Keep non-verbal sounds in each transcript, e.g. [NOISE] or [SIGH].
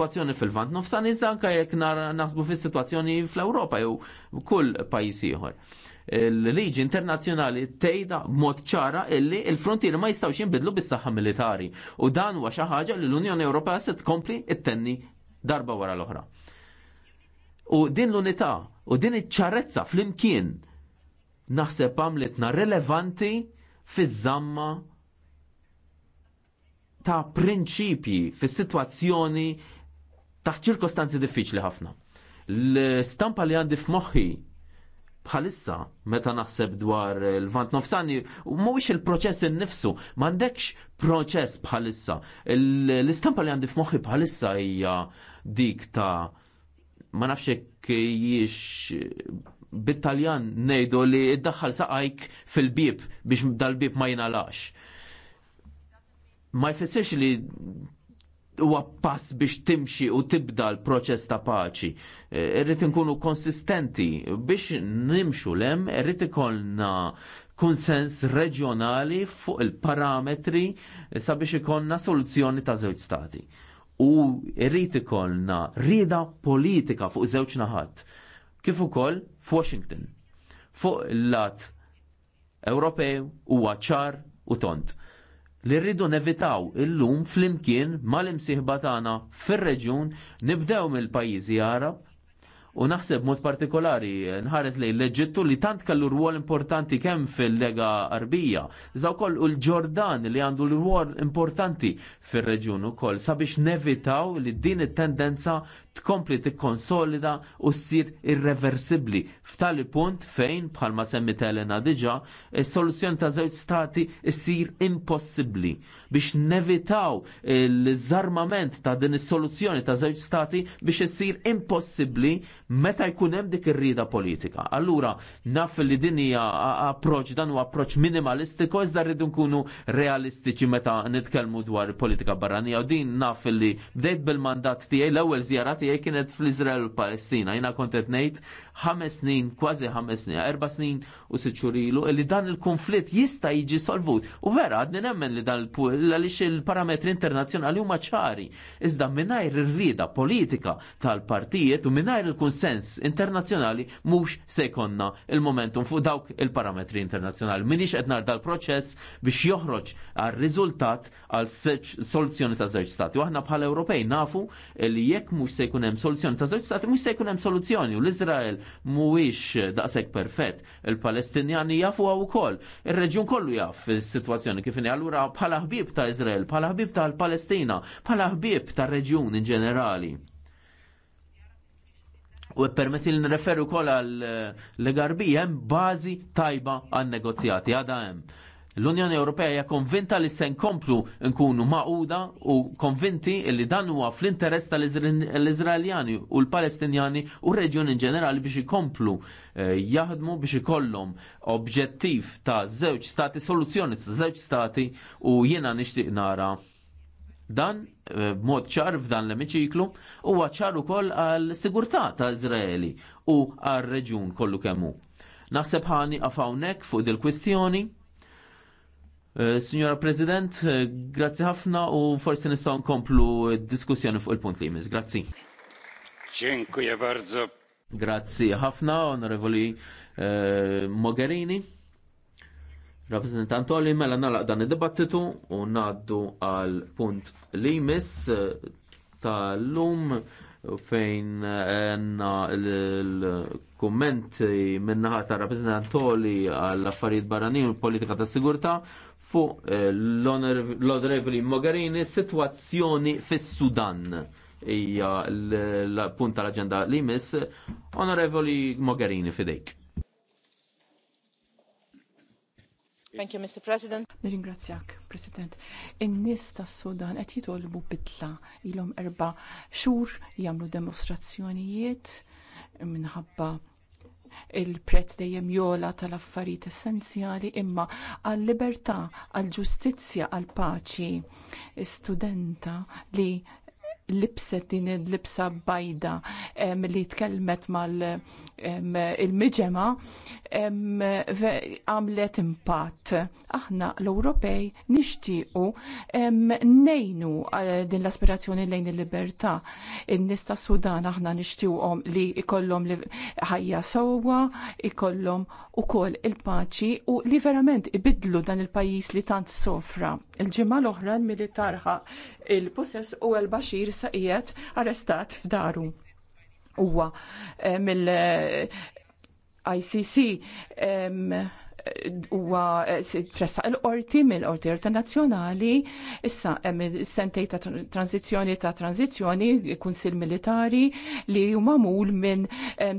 situazzjoni fil-vant nofsan iżda anka jekk naħsbu fis-sitwazzjoni fl-Ewropa jew kull pajjiż ieħor. Il-liġi internazzjonali tgħidha b'mod ċara illi l-frontieri ma jistgħux jinbidlu bis-saħħa militari u dan huwa xi ħaġa li l-Unjoni Ewropea se tkompli t-tenni darba wara l-oħra. U din l-unità u din iċ-ċarezza fl-imkien naħseb għamlitna relevanti fiż-żamma ta' prinċipji fis-sitwazzjoni taħt ċirkostanzi diffiċli ħafna. L-stampa li għandi f'moħħi bħalissa meta naħseb dwar il-vant nofsani u mhuwiex il-proċess innifsu, m'għandekx proċess bħalissa. L-istampa li għandi f'moħħi bħalissa hija dik ta' ma nafx hekk jiex bit-Taljan ngħidu li iddaħħal saqajk fil-bib biex dal-bib ma jingħalax. Ma jfissirx li huwa pass biex timxi u tibda l-proċess ta' paċi. Eh, irrid nkunu konsistenti biex nimxu lem, irrid ikollna konsens reġjonali fuq il-parametri sabiex ikonna soluzzjoni ta' żewġ stati. U irrid ikollna rida politika fuq żewġ naħat. Kif ukoll f'Washington. Fuq l lat Ewropew huwa ċar u tont li rridu nevitaw illum flimkien mal-imsieħba tagħna fir-reġjun nibdew mill-pajjiżi Arab u naħseb mod partikolari nħares lejn l-Eġittu li tant kellu rwol importanti kemm fil-Lega Arbija, iżda koll u l-Ġordan li għandu rwol importanti fir-reġjun ukoll sabiex nevitaw li din it-tendenza tkompli tikkonsolida u ssir irreversibbli f'tali punt fejn bħalma semmi Elena diġa is-soluzzjoni ta' żewġ stati ssir impossibbli biex nevitaw l-żarmament ta' din is-soluzzjoni ta' żewġ stati biex issir impossibbli meta jkun hemm dik ir-rida politika. Allura naf li din hija approċ dan huwa approċ minimalistiku iżda rridu nkunu realistiċi meta nitkellmu dwar politika barranija u din naf li bdejt bil-mandat tiegħi l-ewwel żjara tiegħi kienet fl-Izrael u Palestina. Jiena kont qed ngħid ħames snin, kważi ħames snin, erba' snin u sitt li dan il-konflitt jista' jiġi solvut. U vera għadni nemmen li dan għaliex il-parametri internazzjonali huma ċari. Iżda mingħajr ir-rieda politika tal-partijiet u mingħajr il-kunsens internazzjonali mhux se jkollna il-momentum fuq dawk il-parametri internazzjonali. Minix qed dal-proċess biex joħroġ għal-riżultat għal soluzzjoni ta' żewġ stati. U aħna bħala Ewropej nafu li jekk mhux se jkun hemm soluzzjoni. Ta' żewġ stati mhux se jkun hemm soluzzjoni u l-Iżrael mhuwiex daqshekk perfett. Il-Palestinjani jafu wkoll. Ir-reġjun kollu jaf is-sitwazzjoni kif inhi allura bħala ħbieb ta' Iżrael, bħala ħbieb tal-Palestina, bħala ħbieb tar-reġjun in ġenerali. U permetti li nreferu kol għal legarbi jem hemm bażi tajba għan negozjati għada jem. L-Unjoni Ewropea hija konvinta li se nkomplu nkunu maquda u konvinti li dan huwa fl-interess tal-Iżraeljani u l-Palestinjani u r-reġjun in ġenerali biex ikomplu eh, jaħdmu biex ikollhom obġettiv ta' żewġ stati soluzzjoni ta' żewġ stati u jiena nixtieq nara dan eh, b'mod ċar f'dan l-emiċiklu huwa ċar ukoll għal sigurtà ta' Iżraeli u għal reġjun kollu kemm hu. Naħseb ħani għafawnek fuq dil-kwistjoni Eh, signora President, eh, grazzi ħafna u forsi nistgħu nkomplu diskussjoni fuq il-punt li jmiss. Grazzi. Dziękuję bardzo. Grazzi ħafna, onorevoli eh, Mogherini. Rappresentant Oli, mela nalaq dan id-dibattitu u naddu għal punt li jmiss eh, tal-lum fejn eh, għanna l kommenti minnaħa ta' rappresentantoli għall-affarijiet barranin u politika ta' sigurta fuq eh, l-Onorevoli Mogherini situazzjoni fis-Sudan hija l-punt tal-aġenda li mis Onorevoli Mogherini fidejk. Thank you, Mr. President. Nirringrazzjak, President. In-nies tas-Sudan qed jitolbu bidla ilhom erba' xhur jagħmlu demostrazzjonijiet minħabba il-prezz dejjem jola tal-affarijiet essenzjali imma għal libertà għall ġustizzja għall paċi studenta li libset din il-libsa bajda li tkellmet mal il-miġema għamlet impatt. Aħna l-Ewropej nixtiequ nejnu eh, din l-aspirazzjoni lejn il-libertà. in nista Sudan aħna nixtieqhom li li ħajja sewwa, ikollhom ukoll il-paċi u li verament ibidlu dan il-pajjiż li tant sofra. Il-ġimgħa l-oħra l-militarħa il-possess u l-Bashir issa qiegħed arrestat f'daru. Huwa eh, mill-ICC huwa eh, tressa l-qorti mill-qorti internazzjonali issa hemm sentej ta' tranzizzjoni ta' tranzizzjoni kunsil militari li huma mul minn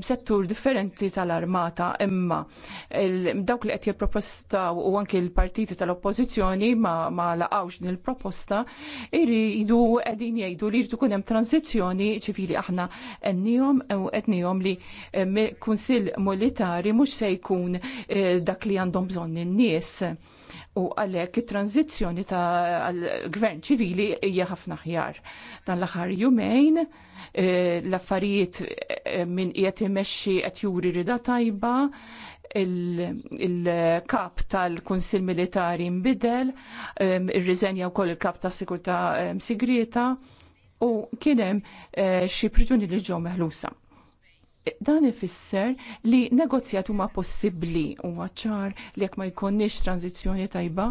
settur differenti tal-armata imma dawk li qed jipproposta u anki l-partiti tal-oppożizzjoni ma, laqgħux din il-proposta iridu qegħdin jgħidu li jridu kun hemm tranzizzjoni ċifiri aħna qennihom u qednihom li kunsil militari mhux se jkun eh, dak li li għandhom bżonn in-nies. U għalhekk it-tranzizzjoni ta' gvern ċivili hija ħafna ħjar. Dan l-aħħar jumejn eh, l-affarijiet eh, minn qiegħed imexxi qed juri rida tajba, il-kap il tal-Kunsil Militari nbidel, eh, ir-riżenja wkoll il-kap tas sikurta Sigrieta u kien hemm xi priġuni li ġew meħlusa dan ifisser li negozjat huma possibbli u ċar li jekk ma jkunniex tranzizzjoni tajba,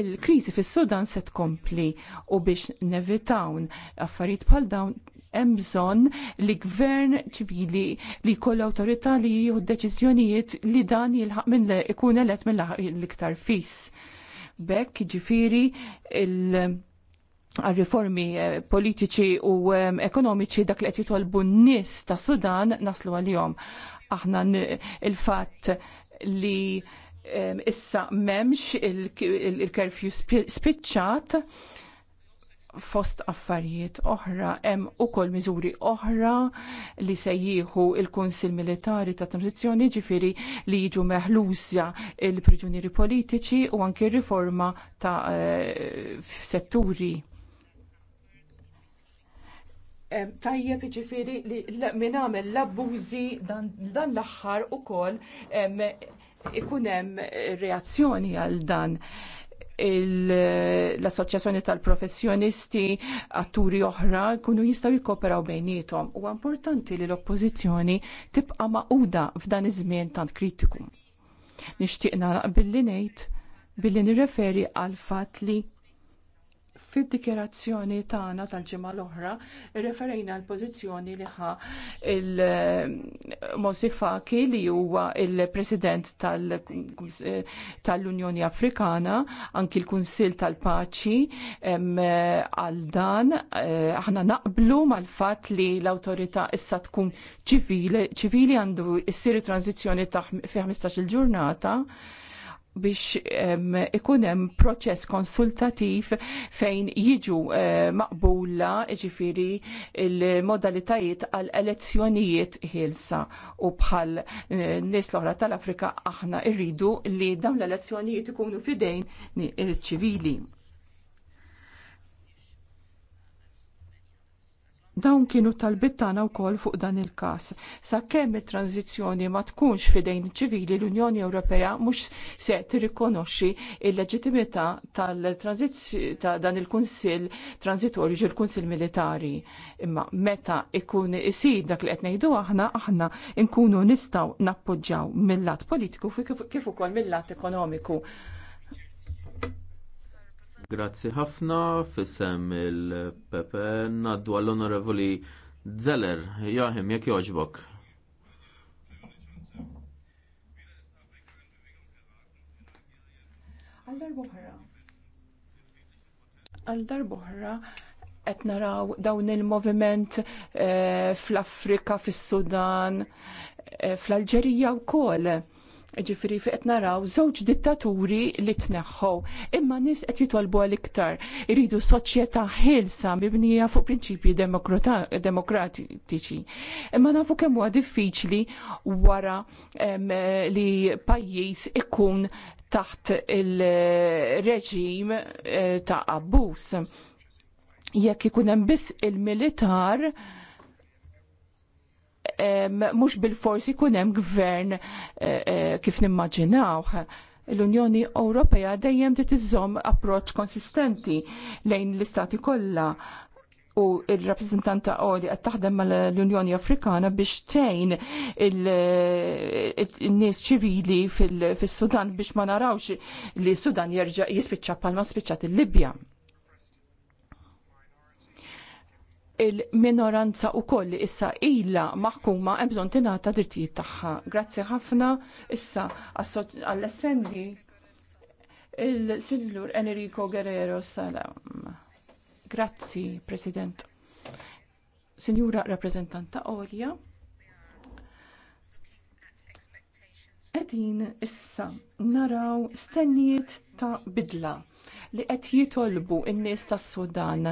il-kriżi fis-Sudan se tkompli u biex nevitawn affarijiet bħal dawn hemm bżonn li gvern ċivili li jkollu awtorità li jieħu deċiżjonijiet li dan jilħaq minn ikun elett mill-iktar l fis. Bekk ġifiri il- għal riformi eh, politiċi u eh, ekonomiċi dak li qed jitolbu n-nies ta' Sudan naslu għal-jom. Aħna il-fatt li eh, issa memx il-kerfju spiċċat fost affarijiet oħra hemm ukoll miżuri oħra li se jieħu il-Kunsil Militari ta' Transizzjoni ġifieri li jiġu meħluża il-priġunieri politiċi u anke riforma ta' setturi tajjeb ġifiri li minn għamel l-abbużi dan l-axħar u kol ikunem reazzjoni għal dan l-assoċjazzjoni tal-professjonisti, atturi oħra, kunu jistaw jikoperaw bejnietom. U importanti li l-oppozizjoni tibqa maquda f'dan iż-żmien tant kritiku. Nixtieq billi ngħid billi nirreferi għal fatt li Fid-dikjerazzjoni tagħna tal-ġimgħa l-oħra referejna l-pożizzjoni li ħa il-Mosifaki eh, li huwa il-President eh, tal-Unjoni Afrikana, anki l-Kunsill tal-Paċi eh, għal dan aħna naqblu mal-fatt li l-awtorità issa tkun ċivili għandu issir tranzizzjoni fi 15-il ġurnata biex um, ikun hemm proċess konsultativ fejn jiġu uh, maqbula ġifiri il-modalitajiet għal elezzjonijiet ħilsa u bħal uh, nies l-oħra tal-Afrika aħna rridu li dawn l-elezzjonijiet ikunu fidejn il-ċivili. Eh, Dawn kienu talbit tagħna wkoll fuq dan il-każ. Sakemm it-tranzizzjoni ma tkunx fidejn ċivili l-Unjoni Ewropea mhux se tirrikonoxxi l-leġittimità ta' dan il-Kunsill Transitorju ġil kunsill Militari. Imma meta ikun isir dak li qed ngħidu aħna aħna nkunu nistgħu nappoġġjaw mill-lat politiku kif ukoll mill-lat ekonomiku. Grazzi ħafna fisem il-Pepe naddu għall-Onorevoli Zeller, Jahim, jekk joġbok. Għal-darbohra. Għal-darbohra qed naraw dawn il-moviment eh, fl-Afrika, fis-Sudan, eh, fl-Alġerija wkoll ġifiri fi qed naraw żewġ dittaturi li tneħħu. Imma nies qed jitolbu għal iktar iridu soċjetà ħilsa mibnija fuq prinċipji demokratiċi. Imma nafu kemm huwa diffiċli wara li pajjiż ikun taħt il-reġim eh, ta' abbuż. Jekk ikun hemm biss il-militar, il militar mhux bil-forsi kunem hemm gvern eh, eh, kif nimmaġinawh l-Unjoni Ewropea dejjem trid iżżomm approċċ konsistenti lejn l-istati kollha u il-rappresentanta għoli qed taħdem mal-Unjoni Afrikana biex tejn il-nies ċivili fis sudan biex ma narawx li Sudan jerġa' jispiċċa palma spiċċat il-Libja. il-minoranza u koll issa ila maħkuma ebżon tinata drittijiet tagħha. Grazzi ħafna issa għall-essendi il-sillur Enrico Guerrero Salam. Grazzi, President. Sinjura rappresentanta Orja. Qegħdin issa naraw stennijiet ta' bidla li qed jitolbu n-nies tas-Sudan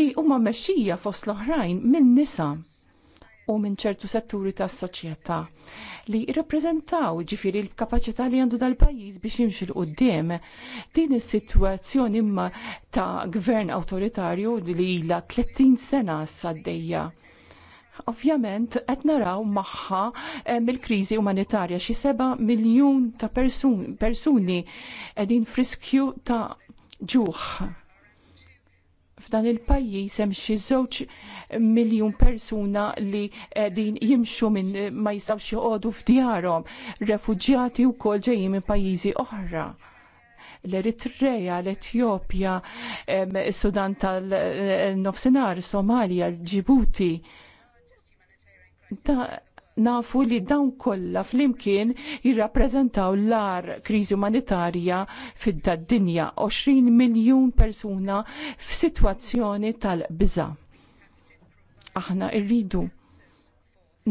li huma mexxija fost l-oħrajn minn nisa u minn ċertu setturi tas-soċjetà li jirrappreżentaw ġifiri l-kapaċità li għandu dal-pajjiż biex jimxu l qudiem Din is-sitwazzjoni imma ta' gvern awtoritarju li ilha 30 sena s-saddejja Ovvjament, qed naraw magħha eh, mill-kriżi umanitarja xi seba' miljun ta' persuni qegħdin friskju ta' ġuħ. F'dan il-pajjiż hemm xi żewġ miljun persuna li qegħdin jimxu minn ma jistgħux joqogħdu f'djarhom, refuġjati wkoll ġejjin minn pajjiżi oħra l-Eritrea, l-Etjopja, s sudan tal-Nofsinhar, eh, Somalia, l-Ġibuti nafu li dawn kollha flimkien jirrappreżentaw l-ar kriżi umanitarja fid-dinja 20 miljun persuna f'sitwazzjoni tal-biża. Aħna rridu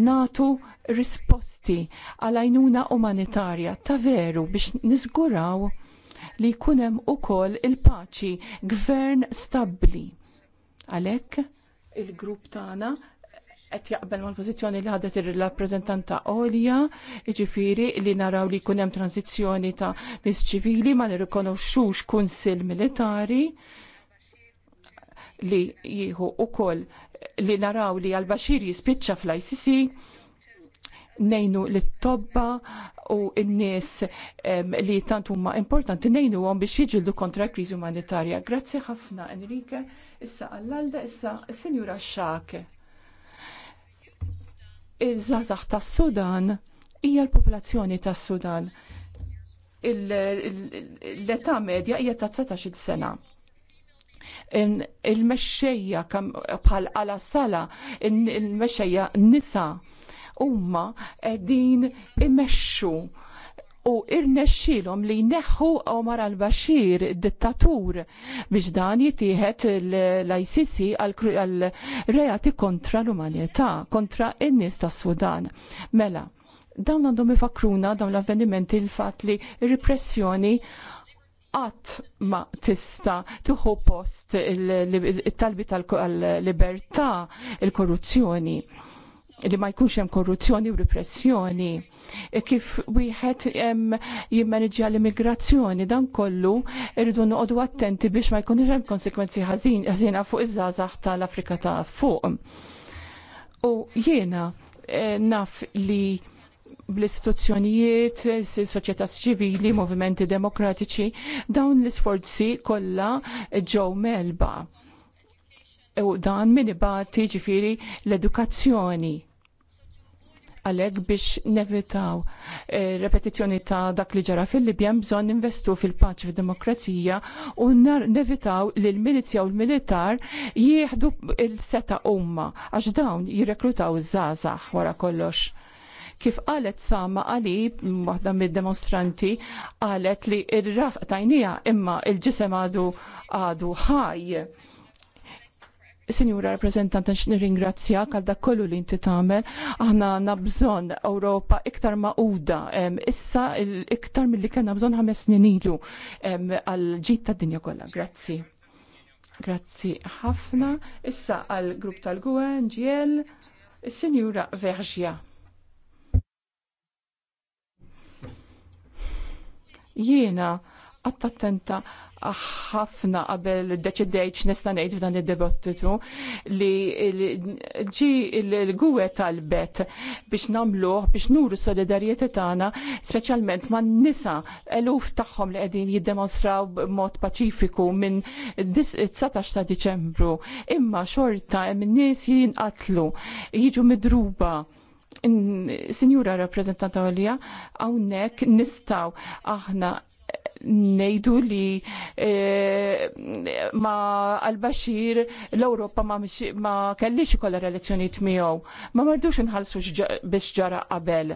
natu risposti għal għajnuna umanitarja ta' veru biex niżguraw li jkun hemm ukoll il-paċi gvern stabbli. Għalhekk il-grupp tagħna qed jaqbel mal-pożizzjoni li ħadet ir-rappreżentanta Olja, jiġifieri li naraw li jkun hemm ta' nies ċivili ma nirrikonoxxux kunsill militari li jieħu koll li naraw li għal baxiri jispicċa fl-ICC nejnu li tobba u n-nies li tant huma importanti nejnu għom biex jiġildu kontra kriżi umanitarja. Grazzi ħafna Enrique, issa għall-għalda, issa s-senjura Xake iż-żazax tas-Sudan hija l-popolazzjoni tas-Sudan. L-età medja hija ta' 19-il sena. Il-mexxejja bħal ala sala, il-mexxejja nisa huma qegħdin imexxu u irnexxilhom li jneħħu Omar al-Bashir dittatur biex dan jitieħed l-ICC għal reati kontra l-umanità, kontra in-nies tas-Sudan. Mela, dawn għandhom ifakruna dawn l-avvenimenti l-fatt li repressjoni qatt ma tista tieħu post il-talbi tal-libertà, il-korruzzjoni. il talbi tal libertà il korruzzjoni li ma jkunx hemm korruzzjoni u repressjoni, e kif wieħed jimmaneġġja l-immigrazzjoni dan kollu irridu noqogħdu attenti biex ma jkunx hemm konsekwenzi ħażina fuq iż-żgħażagħ tal-Afrika ta' fuq. U jiena eh, naf li bl-istituzzjonijiet, soċjetà ċivili, movimenti demokratiċi, dawn l-isforzi kollha ġew melba. U dan min ġifiri l-edukazzjoni għalek biex nevitaw eh, repetizzjoni ta' dak li ġara fil-Libja bżonn investu fil-paċ fid-demokrazija u nevitaw li l-milizja u l-militar jieħdu il-seta umma għax dawn jirreklutaw zazax wara kollox kif qalet sama għali, waħda mid-demonstranti, qalet li ir-ras tajnija imma il-ġisem għadu għadu ħaj Sinjura rappresentant nirringrazzja għal dak kollu li inti tagħmel. Aħna għandna bżonn Ewropa iktar maquda. Issa iktar milli kellna bżonn ħames snin ilu għal ġid tad-dinja kollha. Grazzi. Grazzi ħafna. Issa għal grupp tal-Gwen, GL, Sinjura Verġja. Jiena għattattenta attenta ħafna qabel deċidejt nista' ngħid f'dan id-dibattitu li ġi l-gwe talbet biex nagħmluh biex nuru solidarjeti tagħna speċjalment man nisa eluf tagħhom li qegħdin jiddemonstraw b'mod paċifiku minn 19 ta' Diċembru. Imma xorta hemm nies jinqatlu, jiġu midruba. Sinjura rappresentanta għalija, għawnek nistaw aħna nejdu li e, ma għal bashir l-Europa ma, ma kellix ikolla relazzjoniet miegħu. Ma mardux nħalsu biex ġara qabel.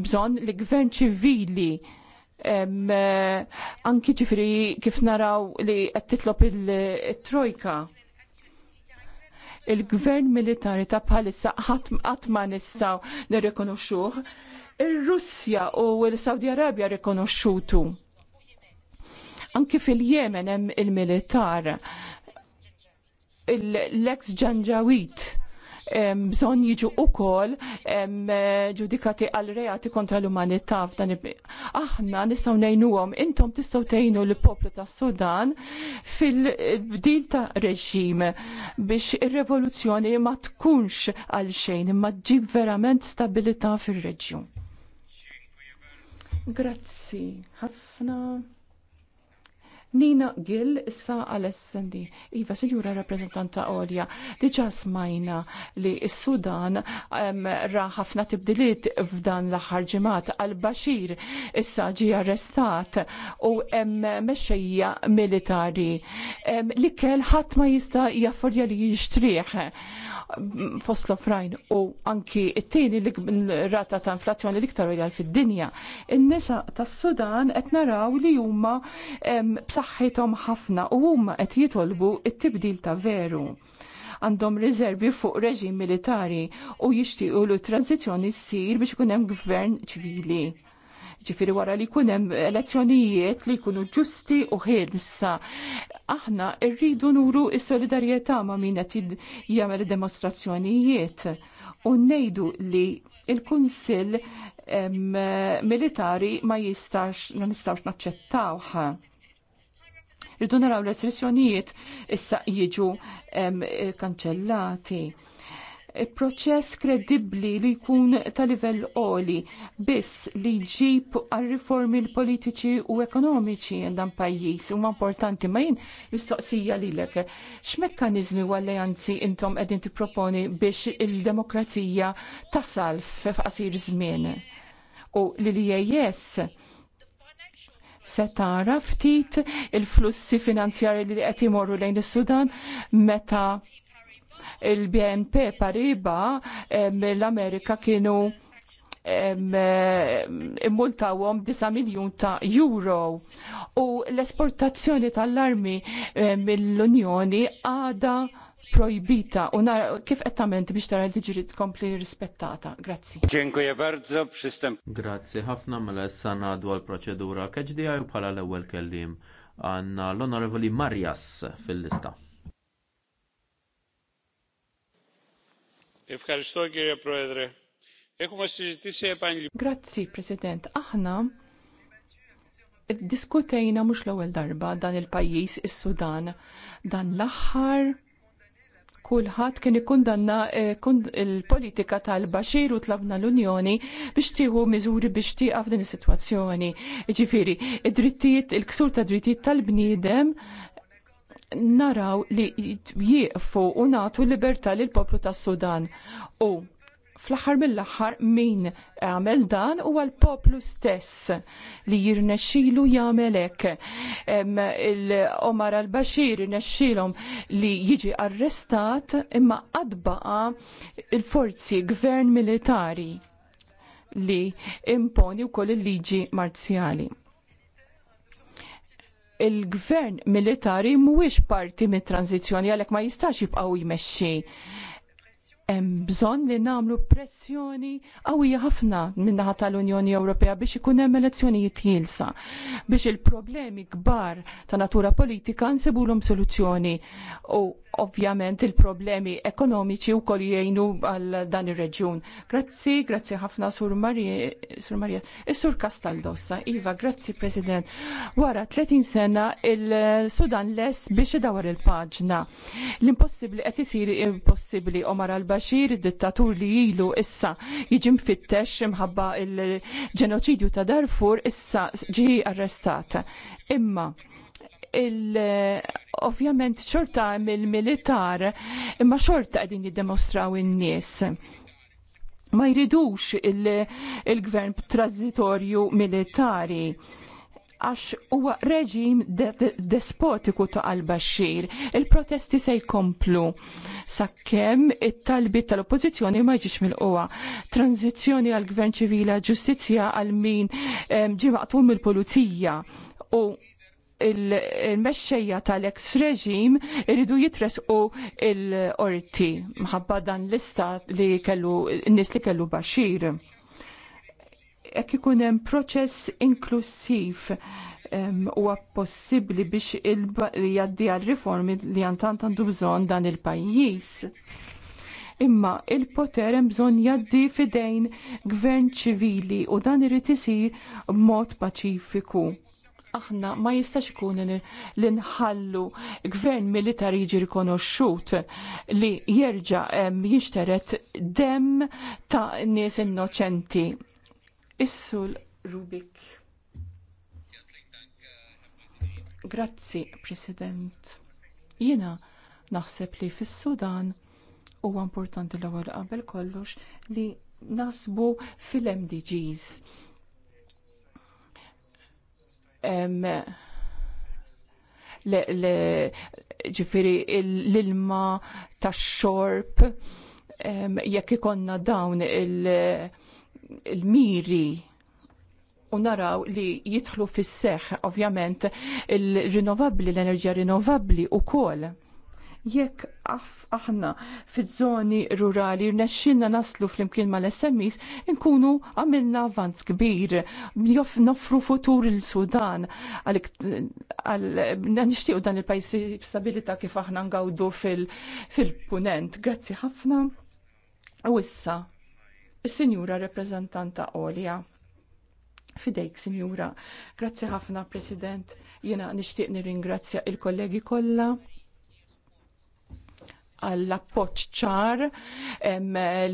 Bżonn li gvern ċivili e, anki ġifri kif naraw li qed titlob il-trojka il-gvern militari ta' bħalissa ħadd ma nistgħu nirrikonoxxuh Ir-Russja u l-Saudi Arabja rikonoxxutu. Anki fil-Jemen hemm il-militar l-ex ġanġawit bżon jiġu u kol ġudikati għal reati kontra l-umanità f'dan Aħna nistaw għom, intom tistaw tejnu l-poplu ta' Sudan fil-bdil ta' reġim biex ir-revoluzzjoni ma tkunx għal xejn, ma tġib verament stabilità fil-reġjun. Grazzi ħafna. Nina Gill issa għal-SND. Iva, sinjura rappresentanta Olja, diġa smajna li s-Sudan ra ħafna tibdiliet f'dan l-aħħar ġimgħat għal-Bashir issa ġi arrestat u hemm mexxejja militari li kell ħadd ma jista' jaffordja li jixtrieħ fost l-ofrajn u anki it-tieni rata ta' inflazzjoni l-iktar fid-dinja. In-nisa tas-Sudan qed naraw li huma b'saħħa saħħithom ħafna u huma qed jitolbu t tibdil ta' veru għandhom riservi fuq reġim militari u jixtiequ li tranzizjoni ssir biex ikun hemm gvern ċivili. Ġifiri wara li jkun hemm elezzjonijiet li jkunu ġusti u ħielsa. Aħna rridu nuru s solidarjetà ma' min qed jagħmel demostrazzjonijiet u ngħidu li il-Kunsill militari ma jistax non jistax naċċettawha Rridu naraw restrizzjonijiet issa jiġu kanċellati. Proċess kredibbli li jkun ta' livell oli biss li jġib għal riformi l-politiċi u ekonomiċi dan pajjiż huma importanti ma jien mistoqsija lilek. X'mekkaniżmi u alleanzi intom qegħdin tipproponi biex il-demokrazija tasal f'qasir żmien? U li li jess se tara ftit il-flussi finanzjari li qed imorru lejn is-Sudan meta il-BNP Pariba mill-Amerika kienu immultawhom 9 miljun ta' euro u l-esportazzjoni tal-armi mill-Unjoni għada projbita u nara kif qed tagħmel biex tara li tiġri tkompli rispettata. Grazzi. Dziękuję bardzo, przystęp. Grazzi ħafna mela issa ngħadu għall proċedura KHDI u bħala l-ewwel kelliem għandna l-Onorevoli Marjas fil-lista. Grazzi, President. Aħna diskutejna mhux l-ewwel darba dan il-pajjiż is-Sudan dan l-aħħar kulħadd kien ikkundanna eh, il-politika tal bashir u tlabna l-Unjoni biex tieħu miżuri biex tieqa f'din is-sitwazzjoni. Ġifieri, id-drittijiet, il-ksur ta' drittijiet tal-bniedem naraw li jieqfu u nagħtu libertà lill poplu tas-Sudan. U fl-aħħar mill-aħħar min għamel dan huwa għal poplu stess li jirnexxilu jagħmel hekk. Il-Omar al-Bashir jirnexxilhom li jiġi arrestat imma qadbaqa il-forzi gvern militari li imponi wkoll il-liġi marzjali il-gvern militari mhuwiex parti mit tranzizzjoni għalhekk ma jistax jibqgħu jmexxi hemm bżonn li nagħmlu pressjoni qawwija ħafna min-naħa tal-Unjoni Ewropea biex ikun hemm elezzjonijiet jilsa biex il-problemi kbar ta' natura politika nsibulhom soluzzjoni u ovvjament il-problemi ekonomiċi u koll jgħinu għal dan ir-reġjun. Grazzi, grazzi ħafna Sur Marija. Is-Sur Castaldossa, Iva, grazzi President. Wara 30 sena il-Sudan les biex idawar il-paġna. L-impossibli qed isir impossibbli Omar al-Bashir, dittatur li ilu issa jiġi mfittex imħabba il-ġenoċidju ta' Darfur issa ġi arrestat. Imma il ovvjament xorta mill-militar imma xorta qegħdin jiddemostraw in-nies ma jridux il-gvern il militari għax huwa reġim despotiku ta' al-Bashir. Il-protesti se jkomplu sakkemm it-talbi tal-oppożizzjoni ma jġiex mill-qwa. Tranzizzjoni għal gvern ċivila, ġustizzja għal min ġimaqtu mill-pulizija u il-mexxejja tal-ex reġim iridu jitresqu il-orti mħabba dan l-ista li kellu nis li kellu baxir. Ek ikun hemm proċess inklusiv huwa possibbli biex jaddi għal-riformi li għantant għandu bżonn dan il-pajjiż. Imma il-poter hemm bżonn jaddi fidejn gvern ċivili u dan irid isir b'mod paċifiku aħna ma jistax ikun li nħallu gvern militari jiġi rikonoxxut li jerġa' jixteret dem ta' nies innoċenti. Issul Rubik. Grazzi, President. Jiena naħseb li fis-Sudan huwa importanti l-ewwel qabel kollox li nasbu fil-MDGs ġifiri l-ilma tax-xorb jekk ikonna dawn il-miri u naraw li jidħlu fis seħħ ovvjament il rinovabbli l-enerġija rinnovabbli u kol Jekk aħna fiż-żoni rurali rnexxinna naslu flimkien mal-SMEs, inkunu għamilna avvanz kbir, noffru futur il-Sudan, nixtiequ dan il-pajsi stabilita kif aħna ngawdu fil-punent. Grazzi ħafna. U issa, il-Sinjura Reprezentanta Olja. Fidejk, Sinjura. Grazzi ħafna, President. Jena nishtiq nirringrazzja il-kollegi kollha għall appoġġ ċar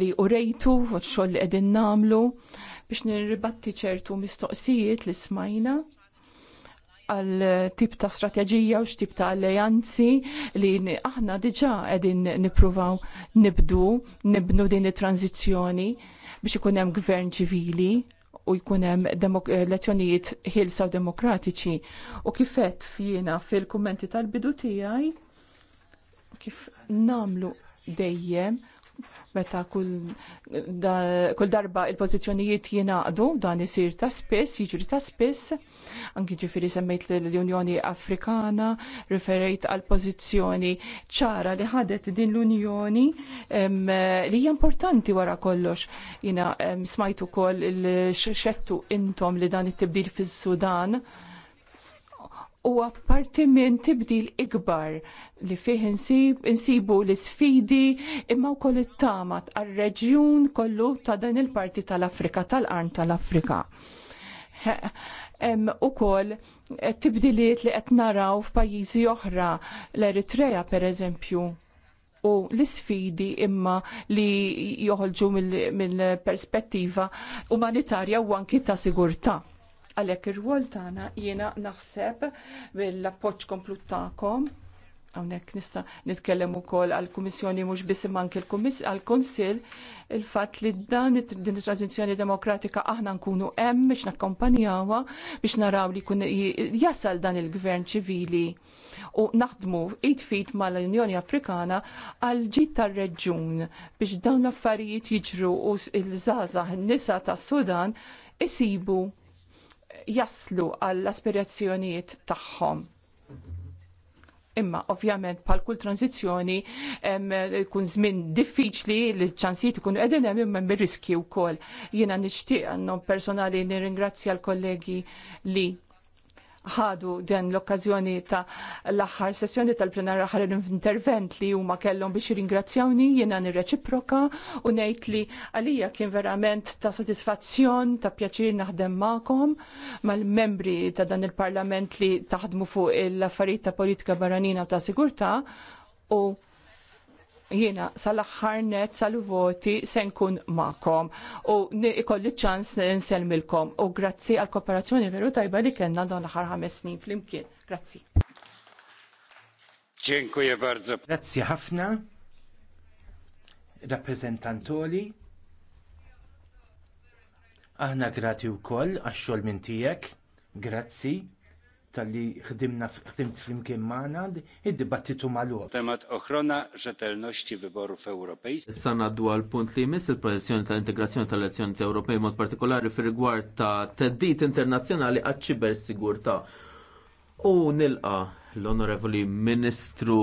li urejtu xoll li qegħdin nagħmlu biex nirribatti ċertu mistoqsijiet li smajna għal tip ta' strateġija u x'tip ta' alleanzi li aħna diġà qegħdin nippruvaw nibdu, nibnu din it-tranzizzjoni biex ikun hemm gvern ċivili u jkun hemm elezzjonijiet ħilsa u demokratiċi. U kifet fjina fil-kummenti tal-bidu tiegħi kif namlu dejjem meta kull, da, kull darba il-pozizjonijiet jinaqdu dan isir ta' spiss, jiġri ta' spiss, anki ġifiri semmejt l-Unjoni Afrikana, referejt għal pozizjoni ċara li ħadet din l-Unjoni li hija importanti wara kollox. Jina smajtu ukoll il-xettu intom li dan it-tibdil fiż-Sudan huwa parti minn tibdil ikbar li fih insibu l-sfidi imma wkoll it-tamat għar-reġjun kollu ta' dan il-parti tal-Afrika tal-qarn tal-Afrika. U ukoll tibdiliet li qed naraw f'pajjiżi oħra l-Eritrea pereżempju u l-sfidi imma li joħolġu mill-perspettiva umanitarja u anki ta' sigurtà Għalhekk ir-rwol tagħna jiena naħseb bil-appoġġ komplu tagħkom hawnhekk nista' nitkellem ukoll għall-Kummissjoni mhux biss imma anke għall-Kunsill il-fatt li dan din it-tranzizzjoni demokratika aħna nkunu hemm biex nakkompanjawha biex naraw li jkun jasal dan il-gvern ċivili u naħdmu id fit mal-Unjoni Afrikana għal ġid tar-reġjun biex dawn l-affarijiet jiġru u l-żgħażagħ n nisa tas-Sudan isibu jaslu għall-aspirazzjonijiet tagħhom. Imma ovvjament bħal kull tranzizzjoni jkun żmien diffiċli li ċansijiet ikunu qegħdin hemm imma riskju wkoll. Jiena nixtieq għandhom personali nirringrazzja l-kollegi li ħadu dan l-okkazjoni ta' l-aħħar sessjoni tal-plenar aħħar intervent li huma kellhom biex ringrazzjawni jiena nirreċiproka u ngħid li għalija kien verament ta' sodisfazzjon ta' pjaċir naħdem magħkom mal-membri ta' dan il-Parlament li taħdmu fuq l-affarijiet ta' politika barranina u ta' sigurtà u jiena sal-axħar net sal-voti se nkun ma'kom u ikolli ċans nselmilkom u grazzi għal kooperazzjoni veru tajba li kellna dawn l-aħħar ħames snin flimkien. Grazzi. Dziękuję bardzo. Grazzi ħafna. Rappresentantoli. Aħna grati wkoll għax-xogħol minn tiegħek. Grazzi tal-li ħdimna ħdimt flimkien magħna id-dibattitu magħluq. Temat oħrona rzetelności viboru Ewropejskich. Issa ngħaddu punt li jmiss il-projezzjoni tal-integrazzjoni tal-elezzjoni Ewropej mod partikolari fir-rigward ta' teddit internazzjonali għaċ-ċiber sigurtà. U nilqa l-Onorevoli Ministru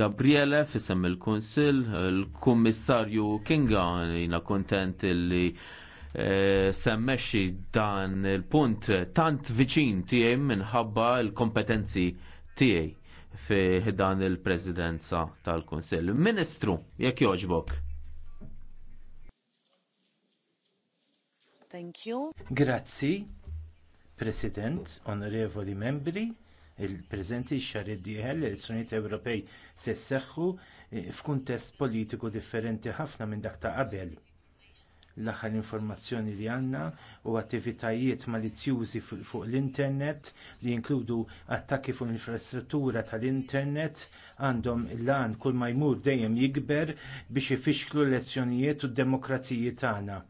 Gabriele fissem il-Konsil, il-Kommissarju Kinga, jina kontent li Eh, semmexxi dan il-punt tant viċin tiegħi minħabba l-kompetenzi tiegħi fi dan il-Presidenza tal-Kunsill. Ministru, jekk joġbok. Thank you. Grazzi, President, onorevoli membri, il-prezenti xar id-dieħel l-elezzjonijiet Ewropej se seħħu eh, f'kuntest politiku differenti ħafna minn dak ta' qabel l-aħħar informazzjoni li għandna u attivitajiet malizzjużi fuq l-internet li jinkludu attakki fuq l-infrastruttura tal-internet għandhom l-għan kull ma jmur dejjem jikber biex ifixklu l-elezzjonijiet u d-demokraziji tagħna.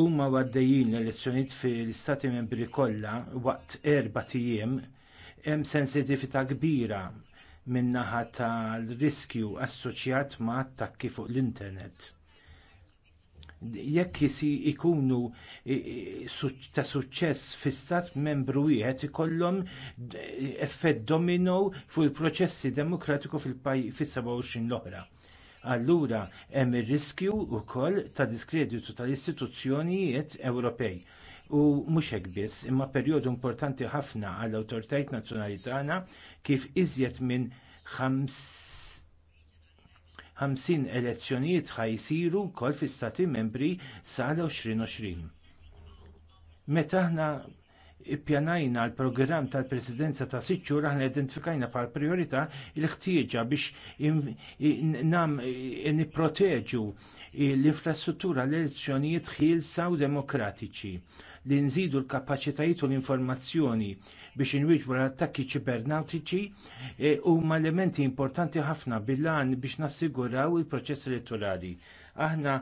Huma għaddejjin l-elezzjonijiet fil-Stati Membri kollha waqt erba' tiem hemm sensitività kbira min-naħa tal-riskju assoċjat ma' attakki fuq l-internet. Jekk ikunu ta' suċċess fi stat membru wieħed ikollhom effett domino fuq il-proċessi demokratiku fil-27 l-oħra. Allura hemm ir-riskju wkoll ta' diskreditu tal-istituzzjonijiet Ewropej u mhux hekk biss, imma perjodu importanti ħafna għall awtoritajiet nazzjonali tagħna kif iżjed minn 50 elezzjonijiet ħajsiru wkoll fi stati membri sal-2020. Meta aħna ippjanajna l-programm tal-presidenza ta' siċċur aħna identifikajna bħal priorità l-ħtieġa biex nam niproteġu l-infrastruttura l-elezzjonijiet ħilsa u demokratiċi li nżidu l kapacitajiet u l-informazzjoni biex inwiġbu l-attakki ċibernautiċi e, huma elementi importanti ħafna bil lan biex nassiguraw il-proċess elettorali. Aħna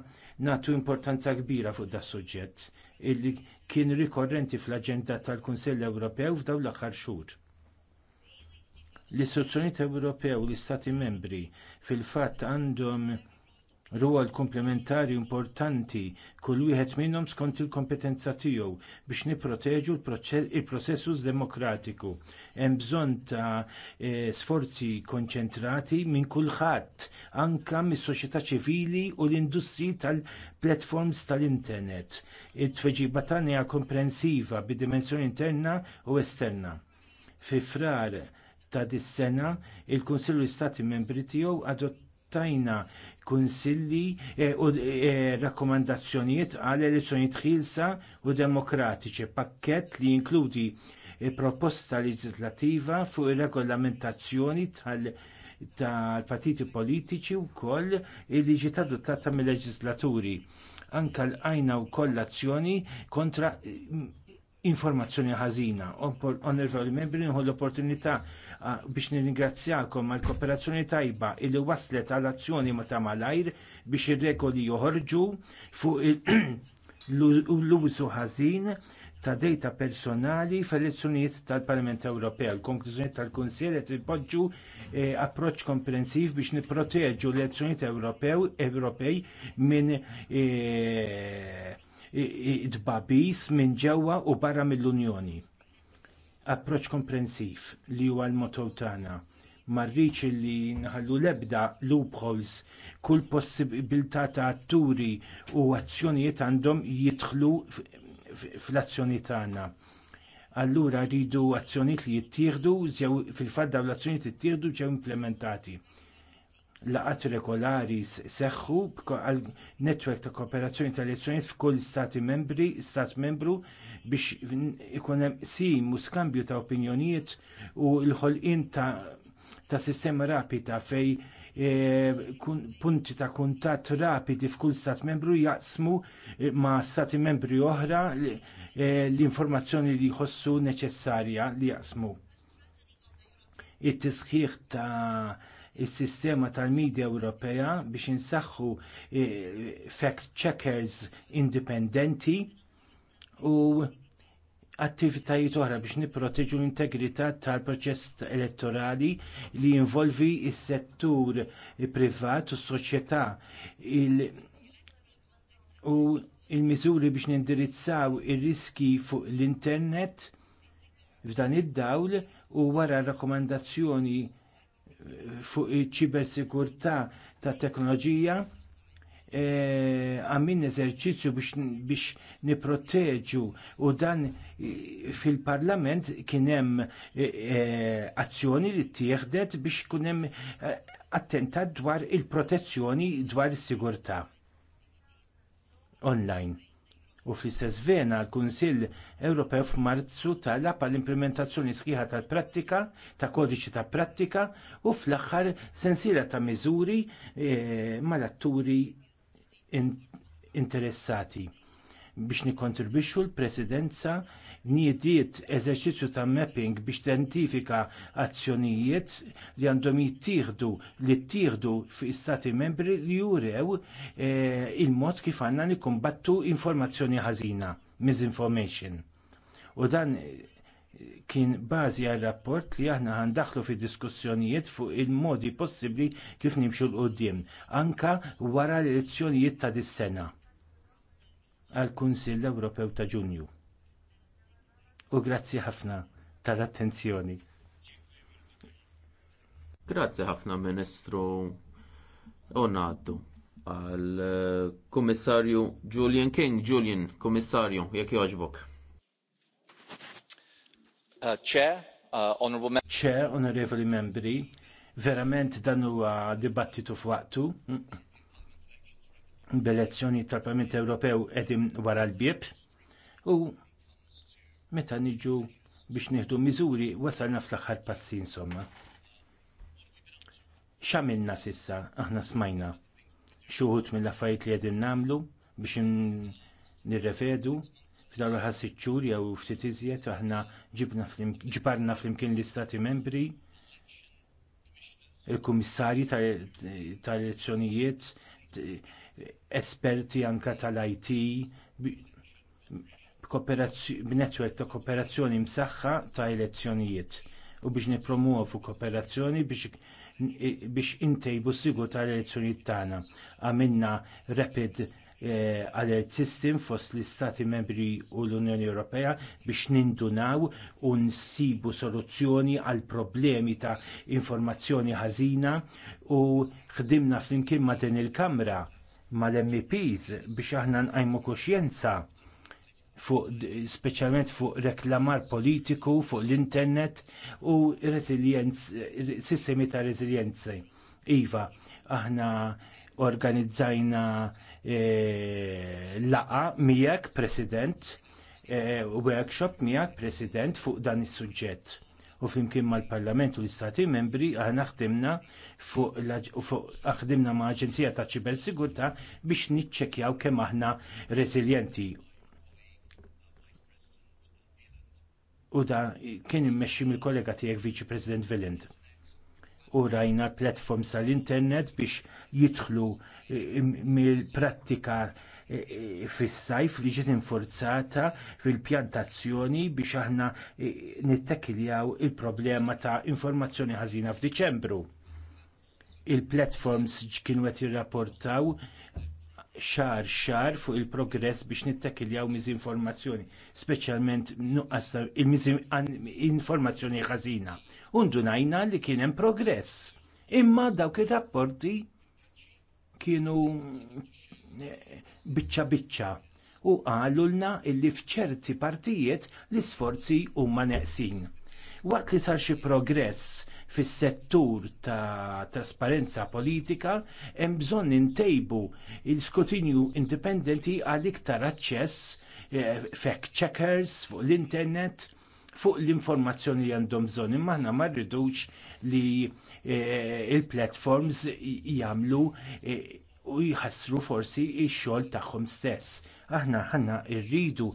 natu importanza kbira fuq da' suġġett illi kien rikorrenti fl-aġenda tal-Kunsell Ewropew f'dawn l-aħħar xhur l-istituzzjonijiet Ewropew u l-Istati membri fil-fatt għandhom rwol komplementari importanti kull wieħed minnhom skont il-kompetenza tiegħu biex nipproteġu l-proċessus demokratiku. Hemm bżonn ta' e, sforzi konċentrati minn kulħadd, anke mis-soċjetà ċivili u l-industriji tal-platforms tal-internet. It-tweġiba tagħna hija komprensiva bid-dimensjoni interna u esterna. Fi frar ta' dis-sena, il-Kunsillu Stati Membri tiegħu adott tajna kunsilli eh, u eh, rakkomandazzjonijiet għal elezzjonijiet ħilsa u demokratiċi, pakkett li jinkludi eh, proposta leġislattiva fuq ir-regolamentazzjoni tal-partiti politiċi wkoll il-liġi adottata mill-leġislaturi. Anke l wkoll u kollazzjoni kontra mm, informazzjoni ħażina. Onorevoli membri, nħu l-opportunità biex nirringrazzjakom għal kooperazzjoni tajba illi waslet għal azzjoni ma ta' malajr biex ir-regoli joħorġu fuq [CLEARS THROAT] l-użu ħażin ta' dejta personali fil elezzjonijiet tal-Parlament Ewropew. Konklużjonijiet tal kunsel qed ipoġġu e, approċċ komprensiv biex nipproteġu l-elezzjonijiet Ewropew Ewropej minn e, e, dbabis minn ġewwa u barra mill-Unjoni approċċ komprensiv li huwa l-motto tagħna. Marriċ li nħallu l-ebda loopholes, kull possibilità ta' atturi u azzjonijiet għandhom jidħlu fl-azzjoni tagħna. Allura rridu azzjonijiet li jittieħdu fil-fatt dawn l-azzjonijiet jittieħdu ġew implementati. Laqat regolari seħħu għal network ta' kooperazzjoni tal-elezzjonijiet f'kull stati membri, stat membru biex ikun hemm sim u skambju ta' opinjonijiet u l-ħolqien ta' ta' sistema rapida fej e, kun, punti ta' kuntatt rapidi f'kull stat membru jaqsmu e, ma' stati membri oħra e, l-informazzjoni li jħossu neċessarja li jaqsmu. It-tisħiħ ta' il-sistema tal-medja Ewropea biex insaħħu e, fact checkers indipendenti u attivitajiet oħra biex nipproteġu l-integrità tal-proċess elettorali li jinvolvi s settur privat u s-soċjetà u l miżuri biex nindirizzaw ir-riski fuq l-internet f'dan id-dawl u wara r rakkomandazzjoni fuq iċ-ċibersigurtà tat teknoloġija Eh, għammin eżerċizzju biex niproteġu u dan eh, fil-parlament kienem eh, azzjoni li tieħdet biex kunem attentat dwar il-protezzjoni dwar is-sigurtà online. U fl-istess vena l-Kunsill Ewropew f'Marzu talab għall implementazzjoni sħiħa tal-prattika, ta' kodiċi ta' prattika u fl-aħħar sensiela ta' miżuri mal-atturi interessati biex nikkontribwixxu l-presidenza niediet eżerċizzju ta' mapping biex identifika azzjonijiet li għandhom jittieħdu li ttieħdu fi stati membri li jurew e, il-mod kif għandna nikkumbattu informazzjoni ħażina, misinformation. U dan kien bażi għal rapport li aħna għandaħlu fi diskussjonijiet fuq il-modi possibbli kif nimxu l-qoddim, anka wara l-elezzjonijiet ta' dis-sena għal kunsill Ewropew ta' Ġunju. U grazzi ħafna tal-attenzjoni. Grazzi ħafna Ministru Onaddu għal Kummissarju Julian King. Julian, Kummissarju, jekk jogħġbok. Uh, uh, Chair, onorevoli membri, verament dan huwa dibattitu f'waqtu. B'elezzjoni tal-Parlament Ewropew qegħdin wara l-bieb u meta niġu biex nieħdu miżuri wasalna fl-aħħar passi insomma. X'għamilna sissa aħna smajna xi wħud mill-affarijiet li qegħdin nagħmlu biex nirrevedu f'dawn l siċċur jew ftit iżjed aħna ġibarna flimkien l-istati membri il-kummissarji tal-elezzjonijiet esperti anke tal-IT b'netwerk ta' kooperazzjoni msaħħa ta' elezzjonijiet u biex nipromuovu kooperazzjoni biex intejbu s-sigur tal-elezzjonijiet tagħna. Għamilna rapid Eh, alert system fost l-Istati membri u l-Unjoni Ewropea biex nindunaw u nsibu soluzzjoni għal problemi ta' informazzjoni ħażina u ħdimna flimkien ma' din il-Kamra mal-MEPs biex aħna nqajmu kuxjenza fuq speċjalment fuq reklamar politiku fuq l-internet u sistemi ta' reżiljenzi. Iva, aħna organizzajna E, laqa miegħek President, e, workshop miegħek President fuq dan is-suġġett. U flimkien mal-Parlament u l-Istati membri aħna ħdimna fuq aħdimna ma' Aġenzija ta' sigurtà biex niċċekkjaw kemm aħna reżiljenti. U da kien immexxi mill-kollega tiegħek Viċi President Villand u rajna platforms tal-internet biex jidħlu mill-prattika e, e, fis-sajf li ġiet infurzata fil-pjantazzjoni biex aħna e, nittakiljaw il-problema ta' informazzjoni ħażina f'Diċembru. Il-platforms kienu qed jirrapportaw xar xar fuq il-progress biex nittakiljaw mizinformazzjoni, speċjalment nuqqas il-informazzjoni ħażina. Undunajna li kien hemm progress. Imma dawk ir-rapporti kienu eh, biċċa biċċa u għallulna illi fċerti partijiet l-isforzi huma neqsin. Waqt li sar xi progress fis-settur ta' trasparenza politika, hemm bżonn intejbu il-skutinju indipendenti għal iktar aċċess eh, fact checkers fuq l-internet fuq l-informazzjoni li għandhom bżonn imma aħna ma rridux li Eh, il-platforms jagħmlu eh, u jħassru forsi x-xogħol tagħhom stess. Aħna ħanna rridu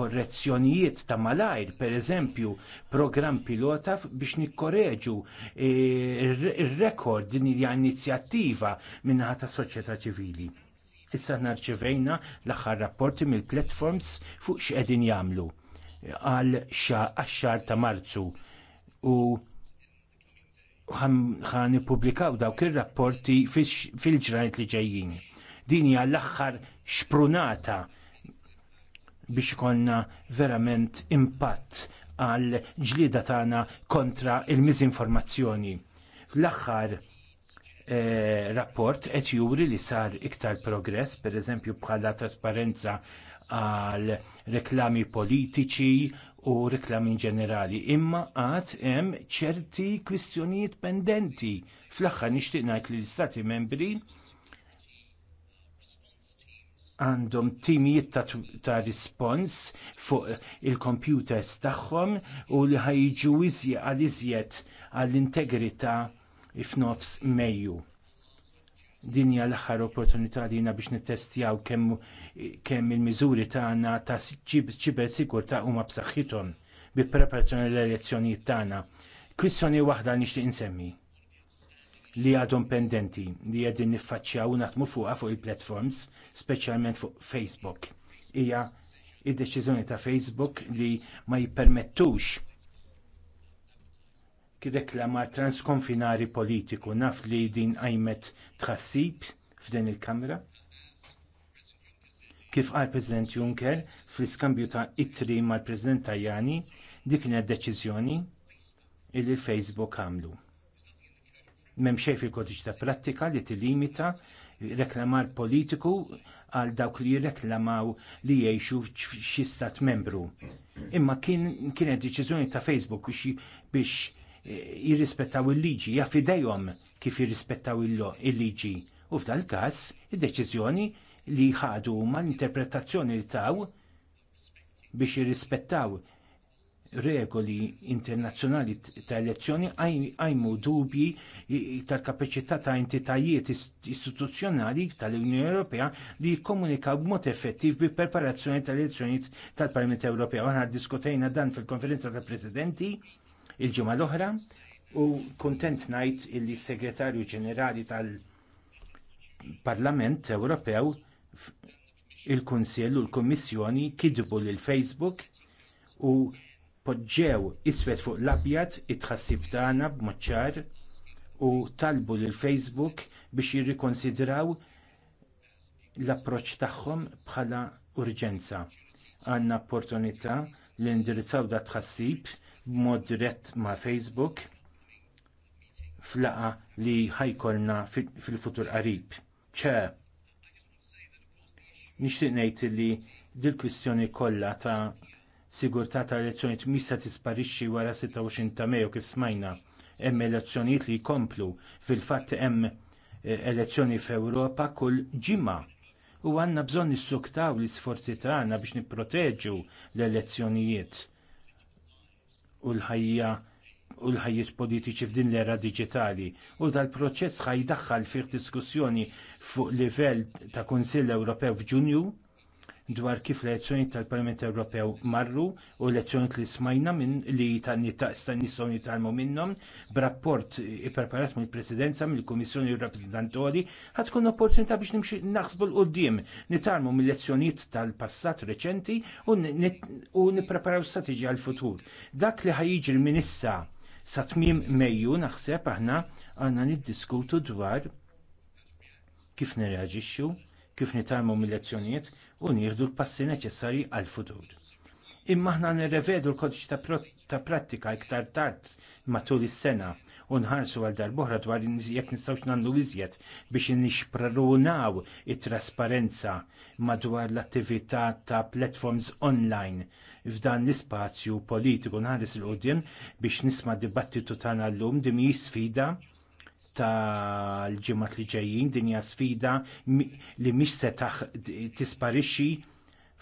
korrezzjonijiet ta' malajr, pereżempju programm pilota biex nikkoreġu il eh, rekord din hija inizjattiva min-naħa tas soċjetà ċivili. Issa narċivejna l-aħħar rapporti mill-platforms fuq x'qegħdin jagħmlu għal xahar ta' Marzu u ħan ippubblikaw dawk ir-rapporti fil-ġranet li ġejjin. Din hija l-aħħar xprunata biex konna verament impatt għal ġlieda tagħna kontra il-miżinformazzjoni. L-aħħar eh, rapport qed juri li sar iktar progress, pereżempju bħala trasparenza għal reklami politiċi u riklam ġenerali, imma għad hemm ċerti kwistjonijiet pendenti. Fl-aħħar nixtieq ngħid li l-Istati membri għandhom timijiet ta', ta rispons fuq il-computers tagħhom u li ħajġu iżjed għal iżjed għall-integrità f'nofs Mejju. Din hija l-aħħar opportunità li biex nittestjaw kemm il-miżuri tagħna ta' ċiber ta' huma b'saħħithom bi preparazzjoni l-elezzjonijiet tagħna. Kwistjoni waħda nixtieq insemmi li għadhom pendenti li qegħdin niffaċċjaw naħdmu fuqha fuq il-platforms, speċjalment fuq Facebook. Hija id-deċiżjoni ta' Facebook li ma jippermettux reklamar transkonfinari politiku naf li din għajmet tħassib f'din il-Kamra. Kif qal President Juncker fl-iskambju ta' ittri mal-President Tajani dik kienet deċiżjoni li l-Facebook għamlu. M'hemm xejn fil-kodiċ ta' prattika li tilimita reklamar politiku għal dawk li jirreklamaw li jgħixu f'xi stat membru. Imma kienet deċiżjoni ta' Facebook biex jirrispettaw il-liġi, jafidejhom kif jirrispettaw il-liġi. U f'dan il-każ id-deċiżjoni li ħadu huma l-interpretazzjoni li taw biex jirrispettaw regoli internazzjonali ta' elezzjoni għajmu dubji tal-kapaċità ta' entitajiet istituzzjonali tal-Unjoni Ewropea li jikkomunikaw b'mod effettiv bi preparazzjoni tal-elezzjoni tal-Parlament Ewropea. Aħna ddiskutejna dan fil-konferenza tal-Presidenti il-ġimgħa l-oħra u kuntent ngħid illi s-Segretarju Ġenerali tal-Parlament Ewropew il-Kunsill u l-Kummissjoni kidbu lil Facebook u poġġew iswed fuq l-abjad it-tħassib tagħna b'mod u talbu lil Facebook biex jirrikonsidraw l-approċċ tagħhom bħala urġenza. Għandna opportunità li indirizzaw da tħassib b'mod dirett ma' Facebook flaqa li ħajkolna fil-futur qarib. ċe, nixtieq ngħid li dil-kwistjoni kollha ta' sigurtà ta' elezzjonijiet mista tisparixxi wara 26 ta' Mejju kif smajna hemm elezzjonijiet li jkomplu fil-fatt hemm eh, elezzjoni f'Ewropa kull ġimgħa u għandna bżonn nissuktaw l-isforzi tagħna biex nipproteġu l-elezzjonijiet u l-ħajja u l-ħajjiet politiċi f'din l-era diġitali u dal-proċess ħajdaħħal fih diskussjoni fuq livell ta' Kunsill Ewropew f'Ġunju dwar kif l-elezzjoni tal-Parlament Ewropew marru u l-elezzjoni li smajna minn li tan-nistgħu nitalmu minnhom b'rapport ippreparat mill-Presidenza mill-Kummissjoni Rappreżentanti ħatkun opportunità biex nimxi naħsbu l qudiem nitalmu mill-elezzjonijiet tal-passat reċenti u nippreparaw strateġija għall-futur. Dak li ħajjiġi l-Minissa sa tmiem Mejju naħseb aħna għandna niddiskutu dwar kif nirreaġixxu, kif nitalmu mill-elezzjonijiet u nieħdu l-passi neċessarji għal-futur. Imma aħna nirrevedu l kodiċi ta' prattika iktar tard matul is-sena u nħarsu għal darbohra dwar jekk nistgħux nagħmlu iżjed biex nixprarunaw it-trasparenza madwar l-attività ta' platforms online f'dan l-ispazju politiku nħares il qudiem biex nisma' dibattitu tagħna llum din hi sfida tal-ġimgħat li ġejjin din hija sfida li mhix se tisparixxi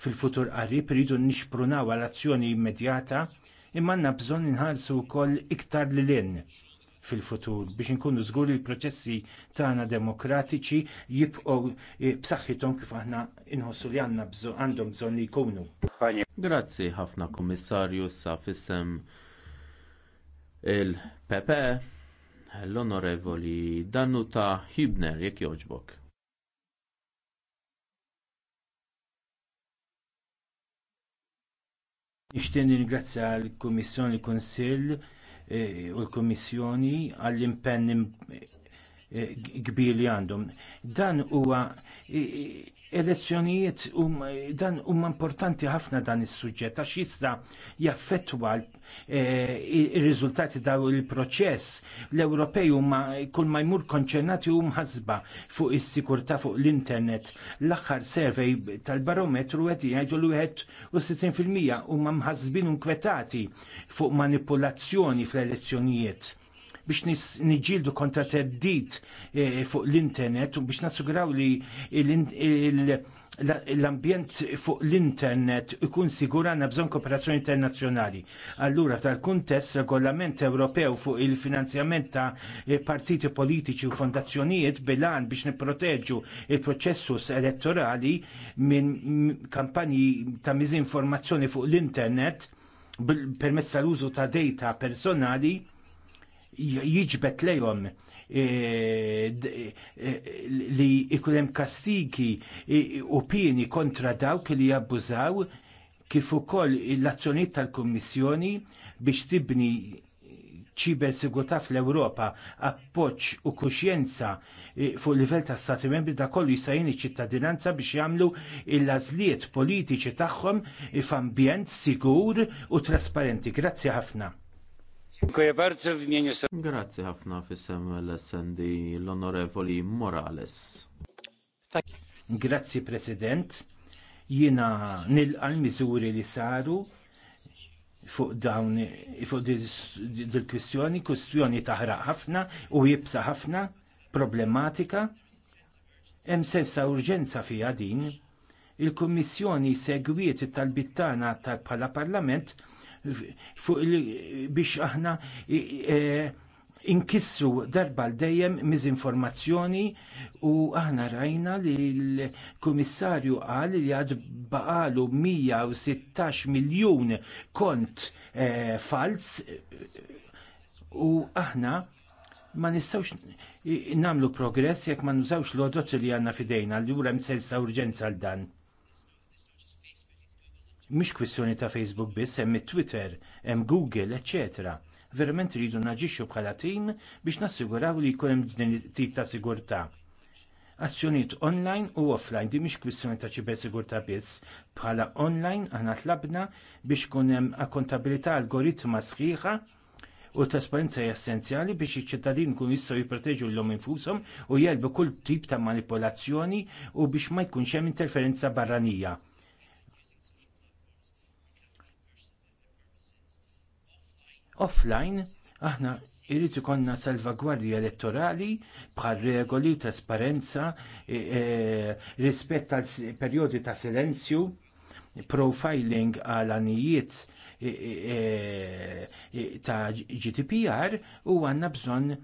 fil-futur qarib iridu nixprunaw għal azzjoni immedjata imma għandna bżonn inħallsu wkoll iktar lilin fil-futur biex inkunu żgur li l-proċessi tagħna demokratiċi jibqgħu eh, b'saħħithom kif aħna inħossu li għandna għandhom bżonn li jkunu. Grazzi ħafna Kummissarju sa fissem il-Pepe l-onorevoli Danuta Hibner jekk jogħġbok. Nixtieq ringrazzja l kommissjoni Konsil eh, u l kommissjoni għall-impenn kbir li għandhom. Dan huwa elezzjonijiet um, dan huma importanti ħafna dan is-suġġett għax jista' jaffettwa eh, ir-riżultati daw il-proċess. L-Ewropej huma kull ma jmur konċernati hum ħasba fuq is-sikurtà fuq l-internet. L-aħħar servej tal-barometru qed jgħidu l wieħed u mija huma mħassbin u nkwetati fuq manipulazzjoni fl-elezzjonijiet biex niġildu kontra teddit eh, fuq l-internet u biex nassuguraw li l-ambjent fuq l-internet ikun sigur għandna bżonn kooperazzjoni internazzjonali. Allura tal-kuntest regolament Ewropew fuq il-finanzjament ta' eh, partiti politiċi u fondazzjonijiet bilan biex nipproteġu il-proċessus elettorali minn kampanji ta' miżinformazzjoni fuq l-internet permezz tal-użu ta' data personali jiġbet lejhom e, e, e, li ikun hemm kastigi u pieni kontra dawk li jabbużaw kif ukoll l-azzjonijiet tal-Kummissjoni biex tibni ċibersigurtà fl-Ewropa, appoġġ u kuxjenza fuq livell ta' stati membri da' kollu jisajin iċ-ċittadinanza biex jagħmlu l-għażliet politiċi tagħhom f'ambjent sigur u trasparenti. Grazzi ħafna. Grazzi ħafna fissem l essendi l-Onorevoli Morales. Grazzi President, jina nilqa għal miżuri li saru fuq dawn fuq dil-kwistjoni, kwistjoni taħraq ħafna u jibsa ħafna problematika. Hemm sens ta' urġenza fiha din, il-Kummissjoni segwiet it-talbit tagħna bħala parlament biex aħna e, inkissu darba l-dejjem miżinformazzjoni u aħna rajna li l komissarju qal li għad baqalu 116 miljun kont e, fals u aħna ma nistawx namlu progress jekk ma nużawx l-odot li għanna fidejna, li għura msens ta' urġenza għal dan mhix kwistjoni ta' Facebook biss, hemm it-Twitter, hemm Google, eċċetera. Verament rridu naġixxu bħala tim biex nassiguraw li jkun hemm din tip ta' sigurtà. Azzjonijiet online u offline di mhix kwistjoni ta' ċibersigurtà biss. Bħala online aħna tlabna biex kun hemm akkontabilità algoritma sħiħa u trasparenza essenzjali biex iċ-ċittadin kun jistgħu jipproteġu l lum infushom u jelbu kull tip ta' manipolazzjoni u biex ma jkunx hemm interferenza barranija. offline aħna jrid ikollna salvagwardja elettorali bħal regoli u trasparenza, e, e, rispett tal perjodi ta' silenzju, profiling għal anijiet e, e, e, e ta' GDPR u għandna bżonn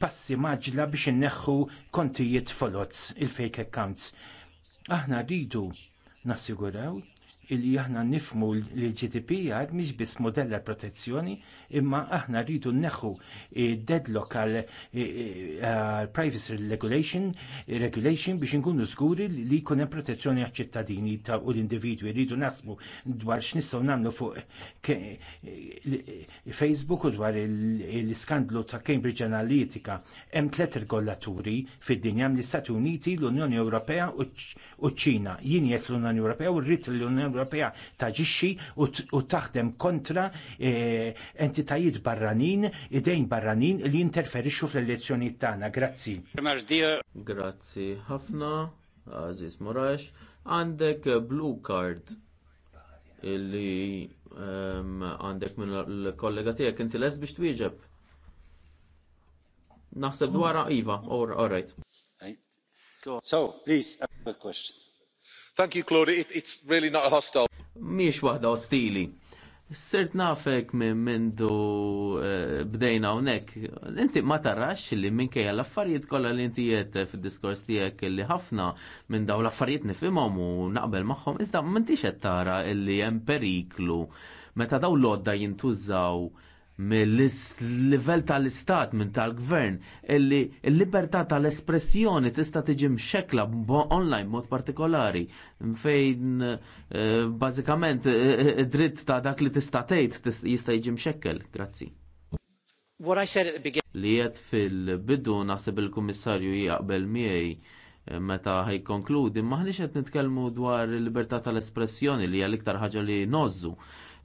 passi maġla biex inneħħu kontijiet folots, il-fake accounts. Aħna rridu nassiguraw illi aħna nifmu l-GDPR mhix biss modell għal protezzjoni imma aħna rridu neħu deadlock eh, eh, għal privacy regulation, regulation biex inkunu żguri li jkun hemm protezzjoni għal ċittadini ta' u l-individwi rridu nasmu dwar x'nistgħu nagħmlu fuq eh, Facebook u dwar l-iskandlu ta' Cambridge Analytica hemm tliet regolaturi fid-dinja mill-Istati Uniti, l-Unjoni Ewropea u ċ-Ċina. Jien jgħid l-Unjoni Ewropea u rrid l-Unjoni Ewropea taġixxi u taħdem kontra eh, entitajiet barranin, idejn barranin li jinterferixxu fl elezzjoni tagħna. Grazzi. Grazzi ħafna, Aziz Morax. Għandek blue card illi għandek minn l-kollega tiegħek inti les biex twieġeb. Naħseb dwar Iva, all right. So, please, I have a question. Thank you, Claudia. It, it's really not hostile. Miex waħda ostili. Sirt nafek minn mendu eh, bdejna unek, inti ma tarax li minkejja l-affarijiet kollha li intijiet jiet fid-diskors tiegħek li ħafna minn daw l-affarijiet nifhimhom u naqbel magħhom, iżda m'intix qed tara illi hemm periklu meta daw l-odda jintużaw mill-livell tal-istat, minn tal-gvern, illi l-libertà tal-espressjoni tista' tiġi mxekla online mod partikolari, fejn eh, bażikament id-dritt eh, eh, ta' dak li tista' tgħid jista' jiġi mxekkel. Grazzi. What I said at the beginning. Li qed fil-bidu naħseb il-Kummissarju jaqbel miegħi meta ħajkonkludi, maħniex qed nitkellmu dwar il-libertà tal-espressjoni li hija l-iktar ħaġa li nozzu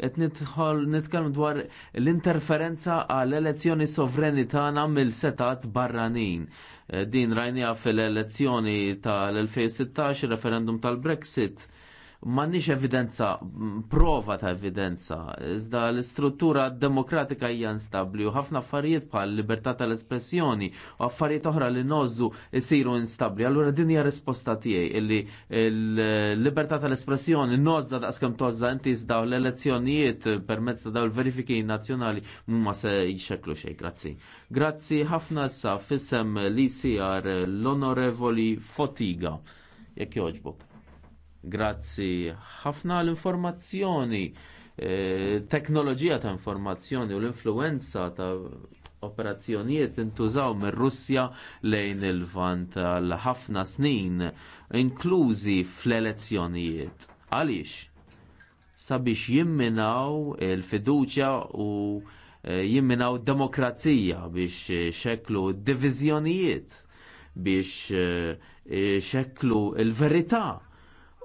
qed nidħol nitkellem dwar l-interferenza għal elezzjoni sovrani tagħna mill-setat barranin. Eh, din rajnija fil-elezzjoni tal-2016, referendum tal-Brexit Mannix evidenza, prova ta' evidenza, iżda l-istruttura demokratika hija instabbli u ħafna affarijiet bħal libertà tal-espressjoni u affarijiet oħra li nozzu jsiru instabbli. Allura din hija risposta tiegħi illi l-libertà tal-espressjoni nożda daqskemm tozza inti iżda l-elezzjonijiet permezz ta' dawn il-verifiki nazzjonali mhuma se jxeklu xejn. Grazzi. Grazzi ħafna sa fissem l-ICR l-Onorevoli Fotiga. Jekk jogħġbok. Grazzi ħafna l-informazzjoni, eh, teknoloġija ta' informazzjoni u l-influenza ta' operazzjonijiet intużaw mir russja lejn il-vant għal ħafna snin, inklużi fl-elezzjonijiet. Għaliex? Sabiex jimminaw il-fiduċja u eh, jimminaw demokrazija biex eh, xeklu divizjonijiet, biex xeklu il-verità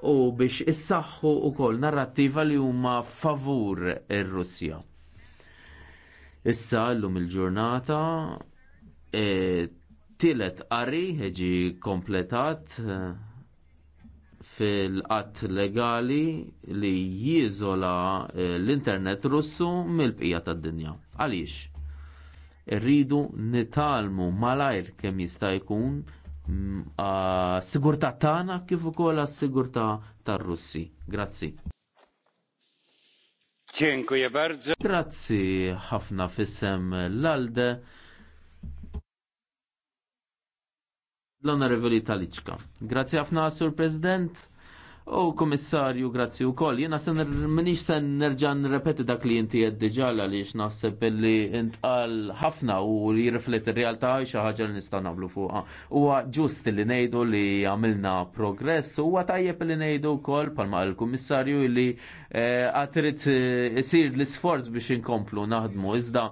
u biex issaħħu wkoll narrattiva li huma favur il russja Issa llum il-ġurnata e, tielet qari ħeġi kompletat e, fil-qatt legali li jiżola e, l-internet russu mill-bqija tad-dinja. Għaliex? Irridu nitalmu malajr kemm jista' jkun Mm, sigurtà tagħna kif ukoll għas-sigurtà tar-Russi. Grazzi. Dziękuję bardzo. Grazzi ħafna fissem l-alde. L-onorevoli Talicka. Grazzi ħafna, Sur President. U komissarju, grazzi u koll, jena sen minix sen nerġa repeti dak li jinti għeddiġala li naħseb li intqal ħafna u li jirriflet il-realtà xaħġa li nista nagħmlu fuqha. Huwa ġust li ngħidu li għamilna progress, huwa tajjeb li ngħidu wkoll palma l-komissarju li eh, għatrit eh, isir l sforz biex inkomplu naħdmu. Iżda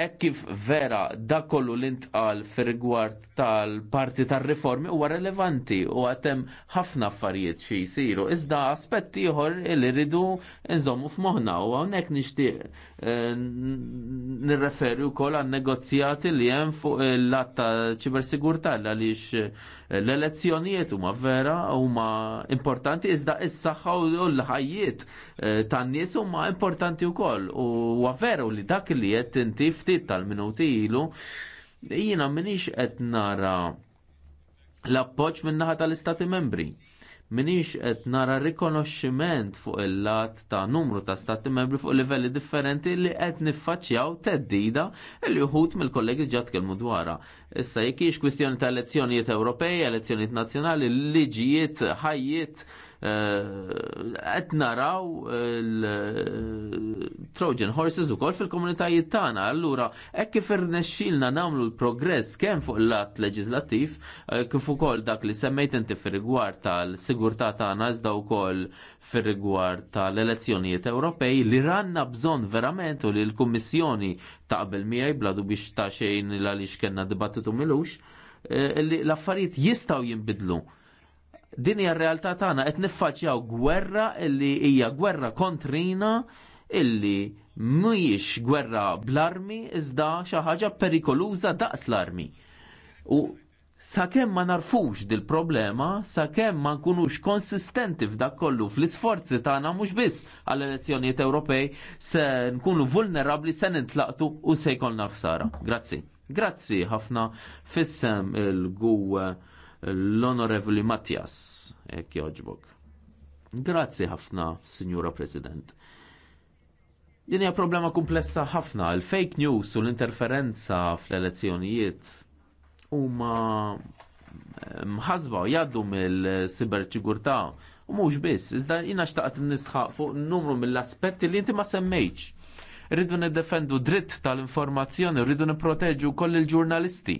hekk kif vera dak kollu li ntqal fir-rigward tal-parti tar-riformi huwa relevanti u għatem ħafna affarijiet xi jsiru. Iżda aspett ieħor li rridu nżommu f'moħħna u hawnhekk nixtieq eh, nirreferi wkoll għan negozjati li hemm fuq il-att ta' ċibersigurtà għaliex eh, l-elezzjonijiet huma vera huma importanti iżda is-saħħa u l-ħajjiet eh, tan-nies huma importanti wkoll u vera li dak li qed inti ftit tal-minuti ilu, jiena minix qed nara l-appoġġ min-naħa tal-Istati membri. Minix qed nara rikonoxximent fuq il-lat ta' numru ta' stati membri fuq livelli differenti li qed niffaċċjaw teddida li uħut mill-kollegi ġat kelmu dwarha. Issa jekk kwistjoni ta' elezzjonijiet Ewropej, elezzjonijiet nazzjonali, liġijiet, ħajjiet, Eh, qed naraw il-Trojan eh, horses ukoll fil-komunitajiet tagħna. Allura hekk kif irnexxilna nagħmlu l-progress kemm fuq il-lat leġislattiv eh, kif ukoll dak li semmejt inti fir-rigward tal-sigurtà tagħna iżda wkoll fir-rigward tal-elezzjonijiet Ewropej li ranna bżonn verament u li l-Kummissjoni taqbel miegħi bladu biex ta' xejn għaliex kellna dibattitu milux li l-affarijiet jistgħu jinbidlu Din hija r-realtà tagħna qed niffaċċjaw gwerra illi hija gwerra kontrina illi mhijiex gwerra bl-armi iżda xi ħaġa perikoluża daqs l-armi. U sakemm ma narfux dil problema sakemm ma nkunux konsistenti f'dak kollu fl-isforzi tagħna mhux biss għall elezzjonijiet Ewropej se nkunu vulnerabbli se nintlaqtu u se jkollna ħsara. Grazzi. Grazzi ħafna fissem il gu l-Onorevoli Mattias, ek joġbok. Grazzi ħafna, Signora President. Din hija problema komplessa ħafna, il-fake news u l-interferenza fl-elezzjonijiet huma eh, mħazba jaddu mill-siberċigurtà u mhux biss, iżda jiena xtaqt nisħaq fuq numru mill-aspetti li inti ma semmejtx. Rridu niddefendu dritt tal-informazzjoni, rridu nipproteġu koll il-ġurnalisti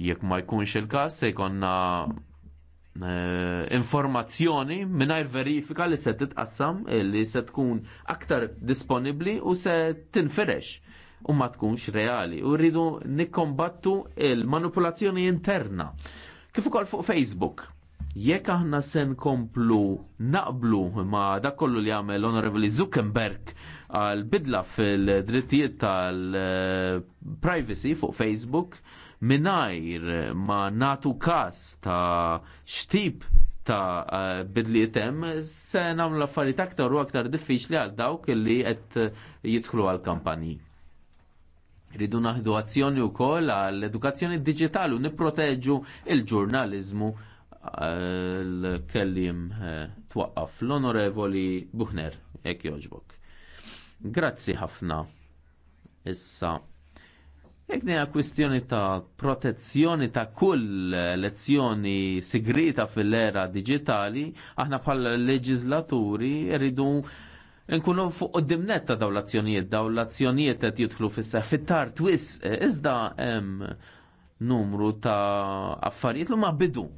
Jekk ma jkunx il-każ se jkollna eh, informazzjoni mingħajr verifika li se titqassam eh, li se tkun aktar disponibbli u se tinferex u ma tkunx reali u rridu nikkombattu il-manipulazzjoni interna kif ukoll fuq Facebook jekk aħna se nkomplu naqblu ma dak kollu li jagħmel Honorable Zuckerberg għal bidla fil-drittijiet tal-privacy eh, fuq Facebook minajr ma natu kas ta' xtip ta' eh, bidliet hemm se nagħmlu l-affarijiet aktar u aktar diffiċli għal dawk li qed jidħlu għal kampanji. Ridu naħdu azzjoni wkoll għall edukazzjoni diġitali u nipproteġu il-ġurnaliżmu eh, l-kellim eh, twaqqaf l-onorevoli Buhner, jekk jogħġbok. Grazzi ħafna. Issa Ek dina kwistjoni ta' protezzjoni ta' kull lezzjoni sigrita fil-era digitali, aħna bħal leġizlaturi rridu nkunu fuq qoddimnet ta' daw l-azzjonijiet, daw l-azzjonijiet qed jidħlu fis-seħ fit-tar twis, iżda hemm numru ta' affarijiet l ma bidu.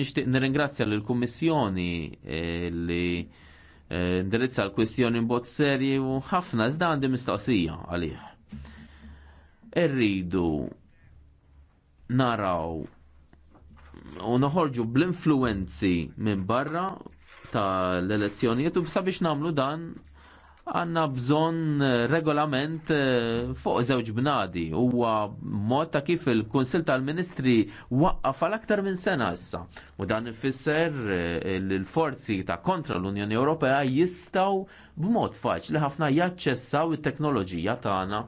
Nixtieq nirringrazzja lill kummissjoni eh, li eh, indirizza l-kwistjoni b'mod serji u ħafna iżda għandi mistoqsija għalih irridu naraw u noħorġu bl-influenzi minn barra tal-elezzjonijiet u sabiex namlu dan għanna bżon eh, regolament eh, fuq żewġ bnadi huwa mod ta' kif il-Kunsil tal-Ministri waqqaf għal aktar minn sena issa. U dan ifisser eh, l-forzi ta' kontra l-Unjoni Ewropea jistaw b'mod faċli ħafna jaċċessaw it-teknoloġija tagħna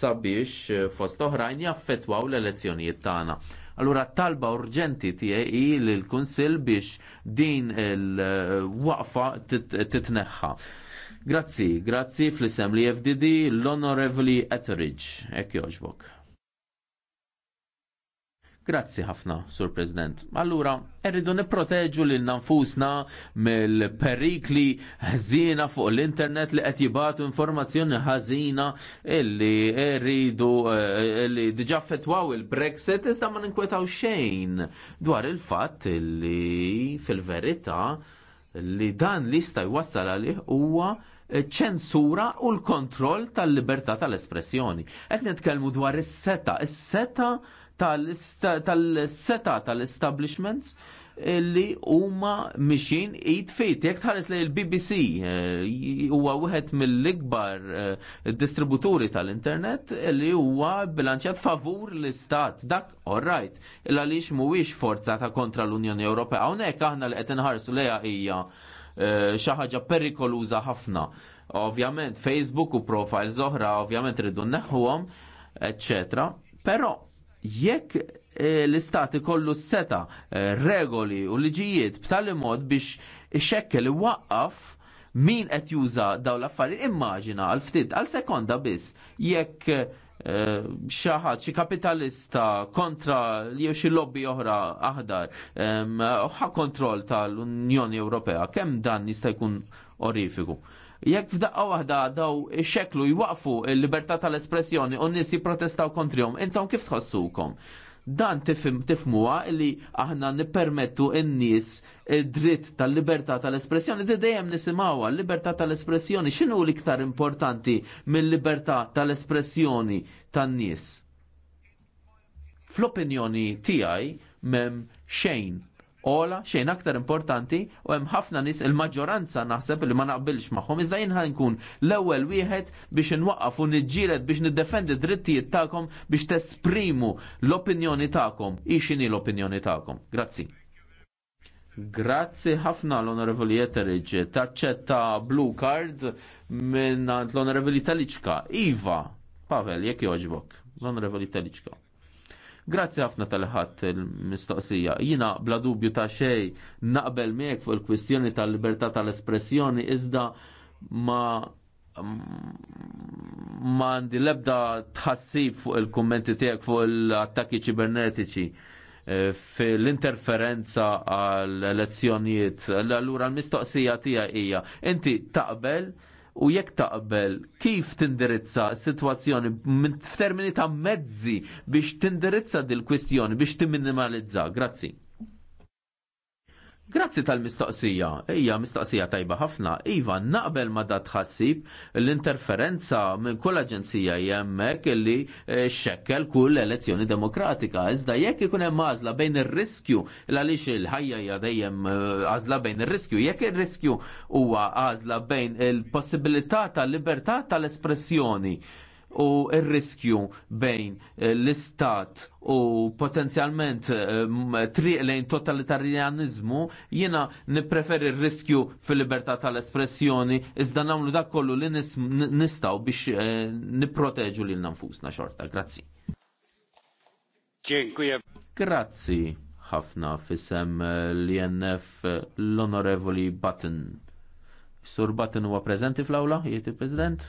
sabiex fost oħrajn jaffettwaw l-elezzjonijiet tagħna. Allura talba urġenti tiegħi l-Kunsil biex din il-waqfa titneħħa. Grazzi, grazzi fl-isem li FDD l-Honorevoli Etheridge, ek joġbok. Grazzi ħafna, Sur President. Allura, erridu niproteġu lil nanfusna mill-perikli ħżina fuq l-internet li qed jibatu informazzjoni ħażina illi rridu eh, li diġà fetwaw il-Brexit iżda ma ninkwetaw xejn dwar il-fatt li fil-verità li dan li jista' jwassal għalih huwa ċensura u l-kontroll tal-libertà tal-espressjoni. Qed nitkellmu dwar is-seta, is-seta tal-seta tal-establishments li huma mixin id fit jekk tħares li l-BBC eh, huwa wieħed mill-ikbar eh, distributuri tal-internet li huwa bilanċjat favur l-istat dak right, il għaliex mhuwiex ta' kontra l-Unjoni Ewropea hawnhekk aħna li qed inħarsu lejha hija Eh, xi ħaġa perikoluża ħafna. Ovvjament Facebook u profiles oħra ovvjament rridu neħħuhom, eċċetera. Però jekk eh, l-istat ikollu seta eh, regoli u liġijiet b'tali mod biex ixekkel waqqaf min qed juża dawn l-affarijiet immaġina għal ftit għal sekonda biss jekk Eh, xaħat, xi kapitalista kontra jew xi lobby oħra aħdar, ħa kontroll tal-Unjoni Ewropea, kemm dan jista' jkun orifiku. Jekk f'daqqa waħda daw xeklu jwaqfu l-libertà tal-espressjoni u n-nies jipprotestaw kontrihom, intom kif tħossukom? Dan tifim li aħna nippermettu n-nies id-dritt tal-libertà tal-espressjoni di dejjem nisimawa l-libertà tal-espressjoni x'inhu l-iktar importanti mill-libertà tal-espressjoni tan-nies. Fl-opinjoni tiegħi m'hemm xejn ola xejn aktar importanti u hemm ħafna nies il-maġġoranza naħseb li ma naqbilx magħhom iżda jien nkun l-ewwel wieħed biex inwaqqaf u niġġieled biex niddefendi drittijiet tagħkom biex tesprimu l-opinjoni tagħkom hi x'inhi l-opinjoni tagħkom. Grazzi. Grazzi ħafna l-Onorevoli Etheridge. Taċċetta blue card minn l-Onorevoli Taliċka. Iva, Pavel, jekk joġbok. L-Onorevoli Taliċka. Grazzi ħafna tal-ħadd il-mistoqsija. Jina bla dubju ta' xej naqbel miegħek fuq il-kwistjoni tal-libertà tal-espressjoni iżda ma ma għandi lebda tħassib fuq il-kommenti tiegħek fuq l-attakki ċibernetiċi eh, fil-interferenza għal elezzjonijiet. Allura l-mistoqsija tija hija inti taqbel u jekk taqbel kif tindirizza s-sitwazzjoni f'termini ta' mezzi biex tindirizza dil-kwistjoni biex timminimalizza. Grazzi. Grazzi tal-mistoqsija, hija mistoqsija tajba ħafna. Iva, naqbel ma da tħassib l-interferenza minn kull aġenzija jemmek li eh, xekkel kull elezzjoni demokratika. Iżda jekk ikun hemm għażla bejn ir-riskju l għaliex il-ħajja hija dejjem eh, għażla bejn ir-riskju, jekk ir-riskju huwa għażla bejn il-possibilità tal-libertà tal-espressjoni u r-riskju bejn eh, l-istat u potenzjalment eh, triq lejn totalitarjanizmu jiena nippreferi r-riskju fil-libertà tal-espressjoni iżda nagħmlu dak kollu li nistgħu biex eh, nipproteġu lil nanfusna xorta. Grazzi. Grazzi ħafna fisem l-INF l-Onorevoli Button. Sur Button huwa preżenti fl-awla, jieti President?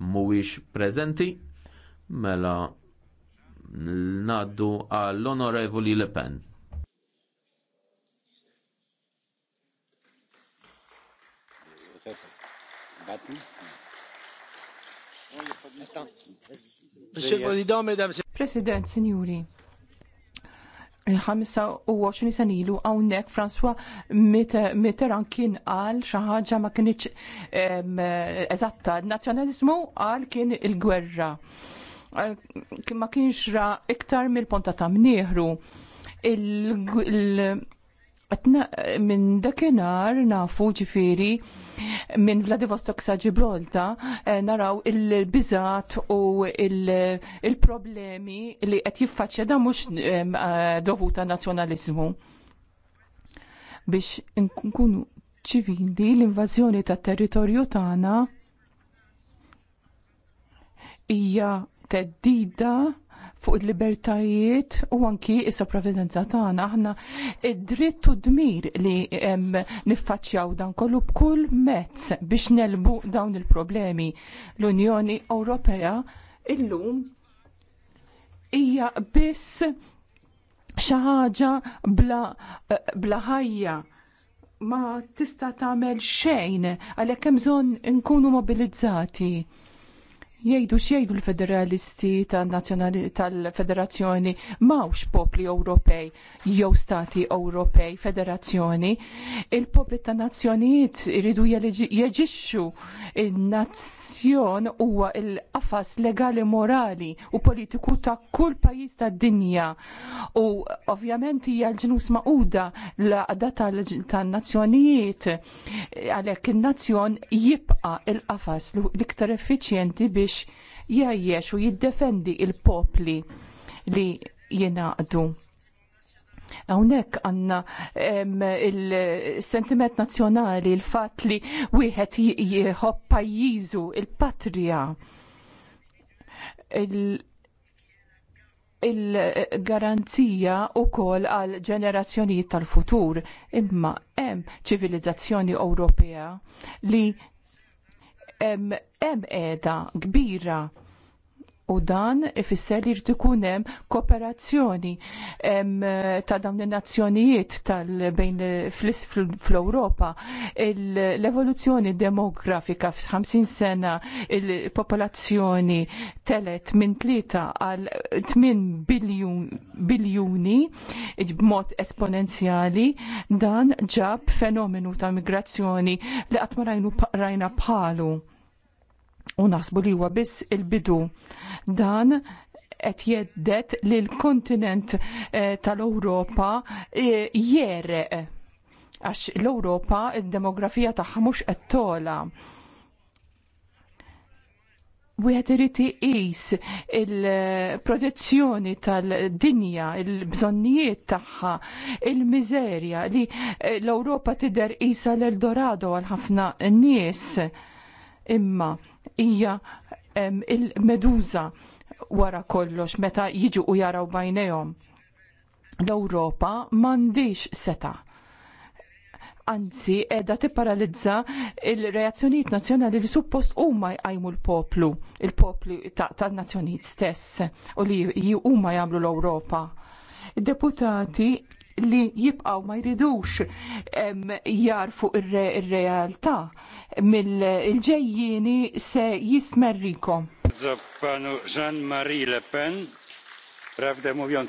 muwix prezenti, mela naddu għall-Onorevoli Le Pen. President, signori. 25 sen ilu hawnhekk François Mitterrand kien qal xi ħaġa ma kinitx eżatta. Nazzjonaliżmu għal kien il-gwerra. Eh, ma kienx ra iktar mill-ponta ta' mnieħru minn dakinhar nafu ġifiri minn Vladivostok sa Ġibrolta eh, naraw il-biżat u il-problemi li qed jiffaċċja da mhux eh, dovuta nazzjonaliżmu. Biex nkunu ċivili l-invażjoni tat-territorju tagħna hija teddida fuq il-libertajiet u anki il sopravivenza tagħna aħna id-dritt u dmir li niffaċċjaw dan kollu b'kull mezz biex nelbu dawn il-problemi. L-Unjoni Ewropea illum hija biss xi ħaġa bla, bla ħajja ma tista' tagħmel xejn għalhekk hemm bżonn inkunu mobilizzati jgħidu x'jgħidu l-federalisti tal-federazzjoni mawx popli Ewropej jew stati Ewropej federazzjoni, il-popli ta' nazzjonijiet iridu jeġixxu il-nazzjon huwa il-qafas legali morali u politiku ta' kull pajjiż tad-dinja. U ovvjament hija l-ġnus maquda l-qada tan-nazzjonijiet għalhekk in-nazzjon jibqa' il-qafas l-iktar effiċjenti biex biex jgħajjex u jiddefendi il-popli li jenaqdu. Hawnhekk għandna il-sentiment nazzjonali, il-fatt li wieħed jħob pajjiżu il-patrija. Il-garanzija u wkoll għal ġenerazzjonijiet tal-futur, imma hemm ċivilizzazzjoni Ewropea li hemm qiegħda kbira u dan ifisser li jrid ikun hemm kooperazzjoni eh, ta' dawn in-nazzjonijiet tal-bejn fl-Ewropa. L-evoluzzjoni demografika f'50 sena il-popolazzjoni telet minn tlieta għal 8 biljuni b'mod esponenzjali dan ġab fenomenu ta' migrazzjoni li qatt ma rajna bħalu u naħsbu li huwa biss il-bidu. Dan qed jeddet li l-kontinent eh, tal-Ewropa eh, jereq għax l-Ewropa id-demografija tagħha mhux qed tola. Wieħed irid iqis il-protezzjoni tal-dinja, il-bżonnijiet tagħha, il-miżerja li eh, l-Ewropa tidher qisha l-Eldorado għal ħafna nies imma hija il-meduża wara kollox meta jiġu u jaraw bajnejhom. L-Ewropa m'għandix seta' anzi edha tipparalizza il-reazzjonijiet nazzjonali li suppost huma jqajmu l-poplu, il poplu tan-nazzjonijiet stess u li huma jagħmlu l-Ewropa. Deputati li jibqaw ma jridux jarfu il realtà mill-ġejjini se jismerrikom. Panu Jean-Marie Le Pen, prawdę mówiąc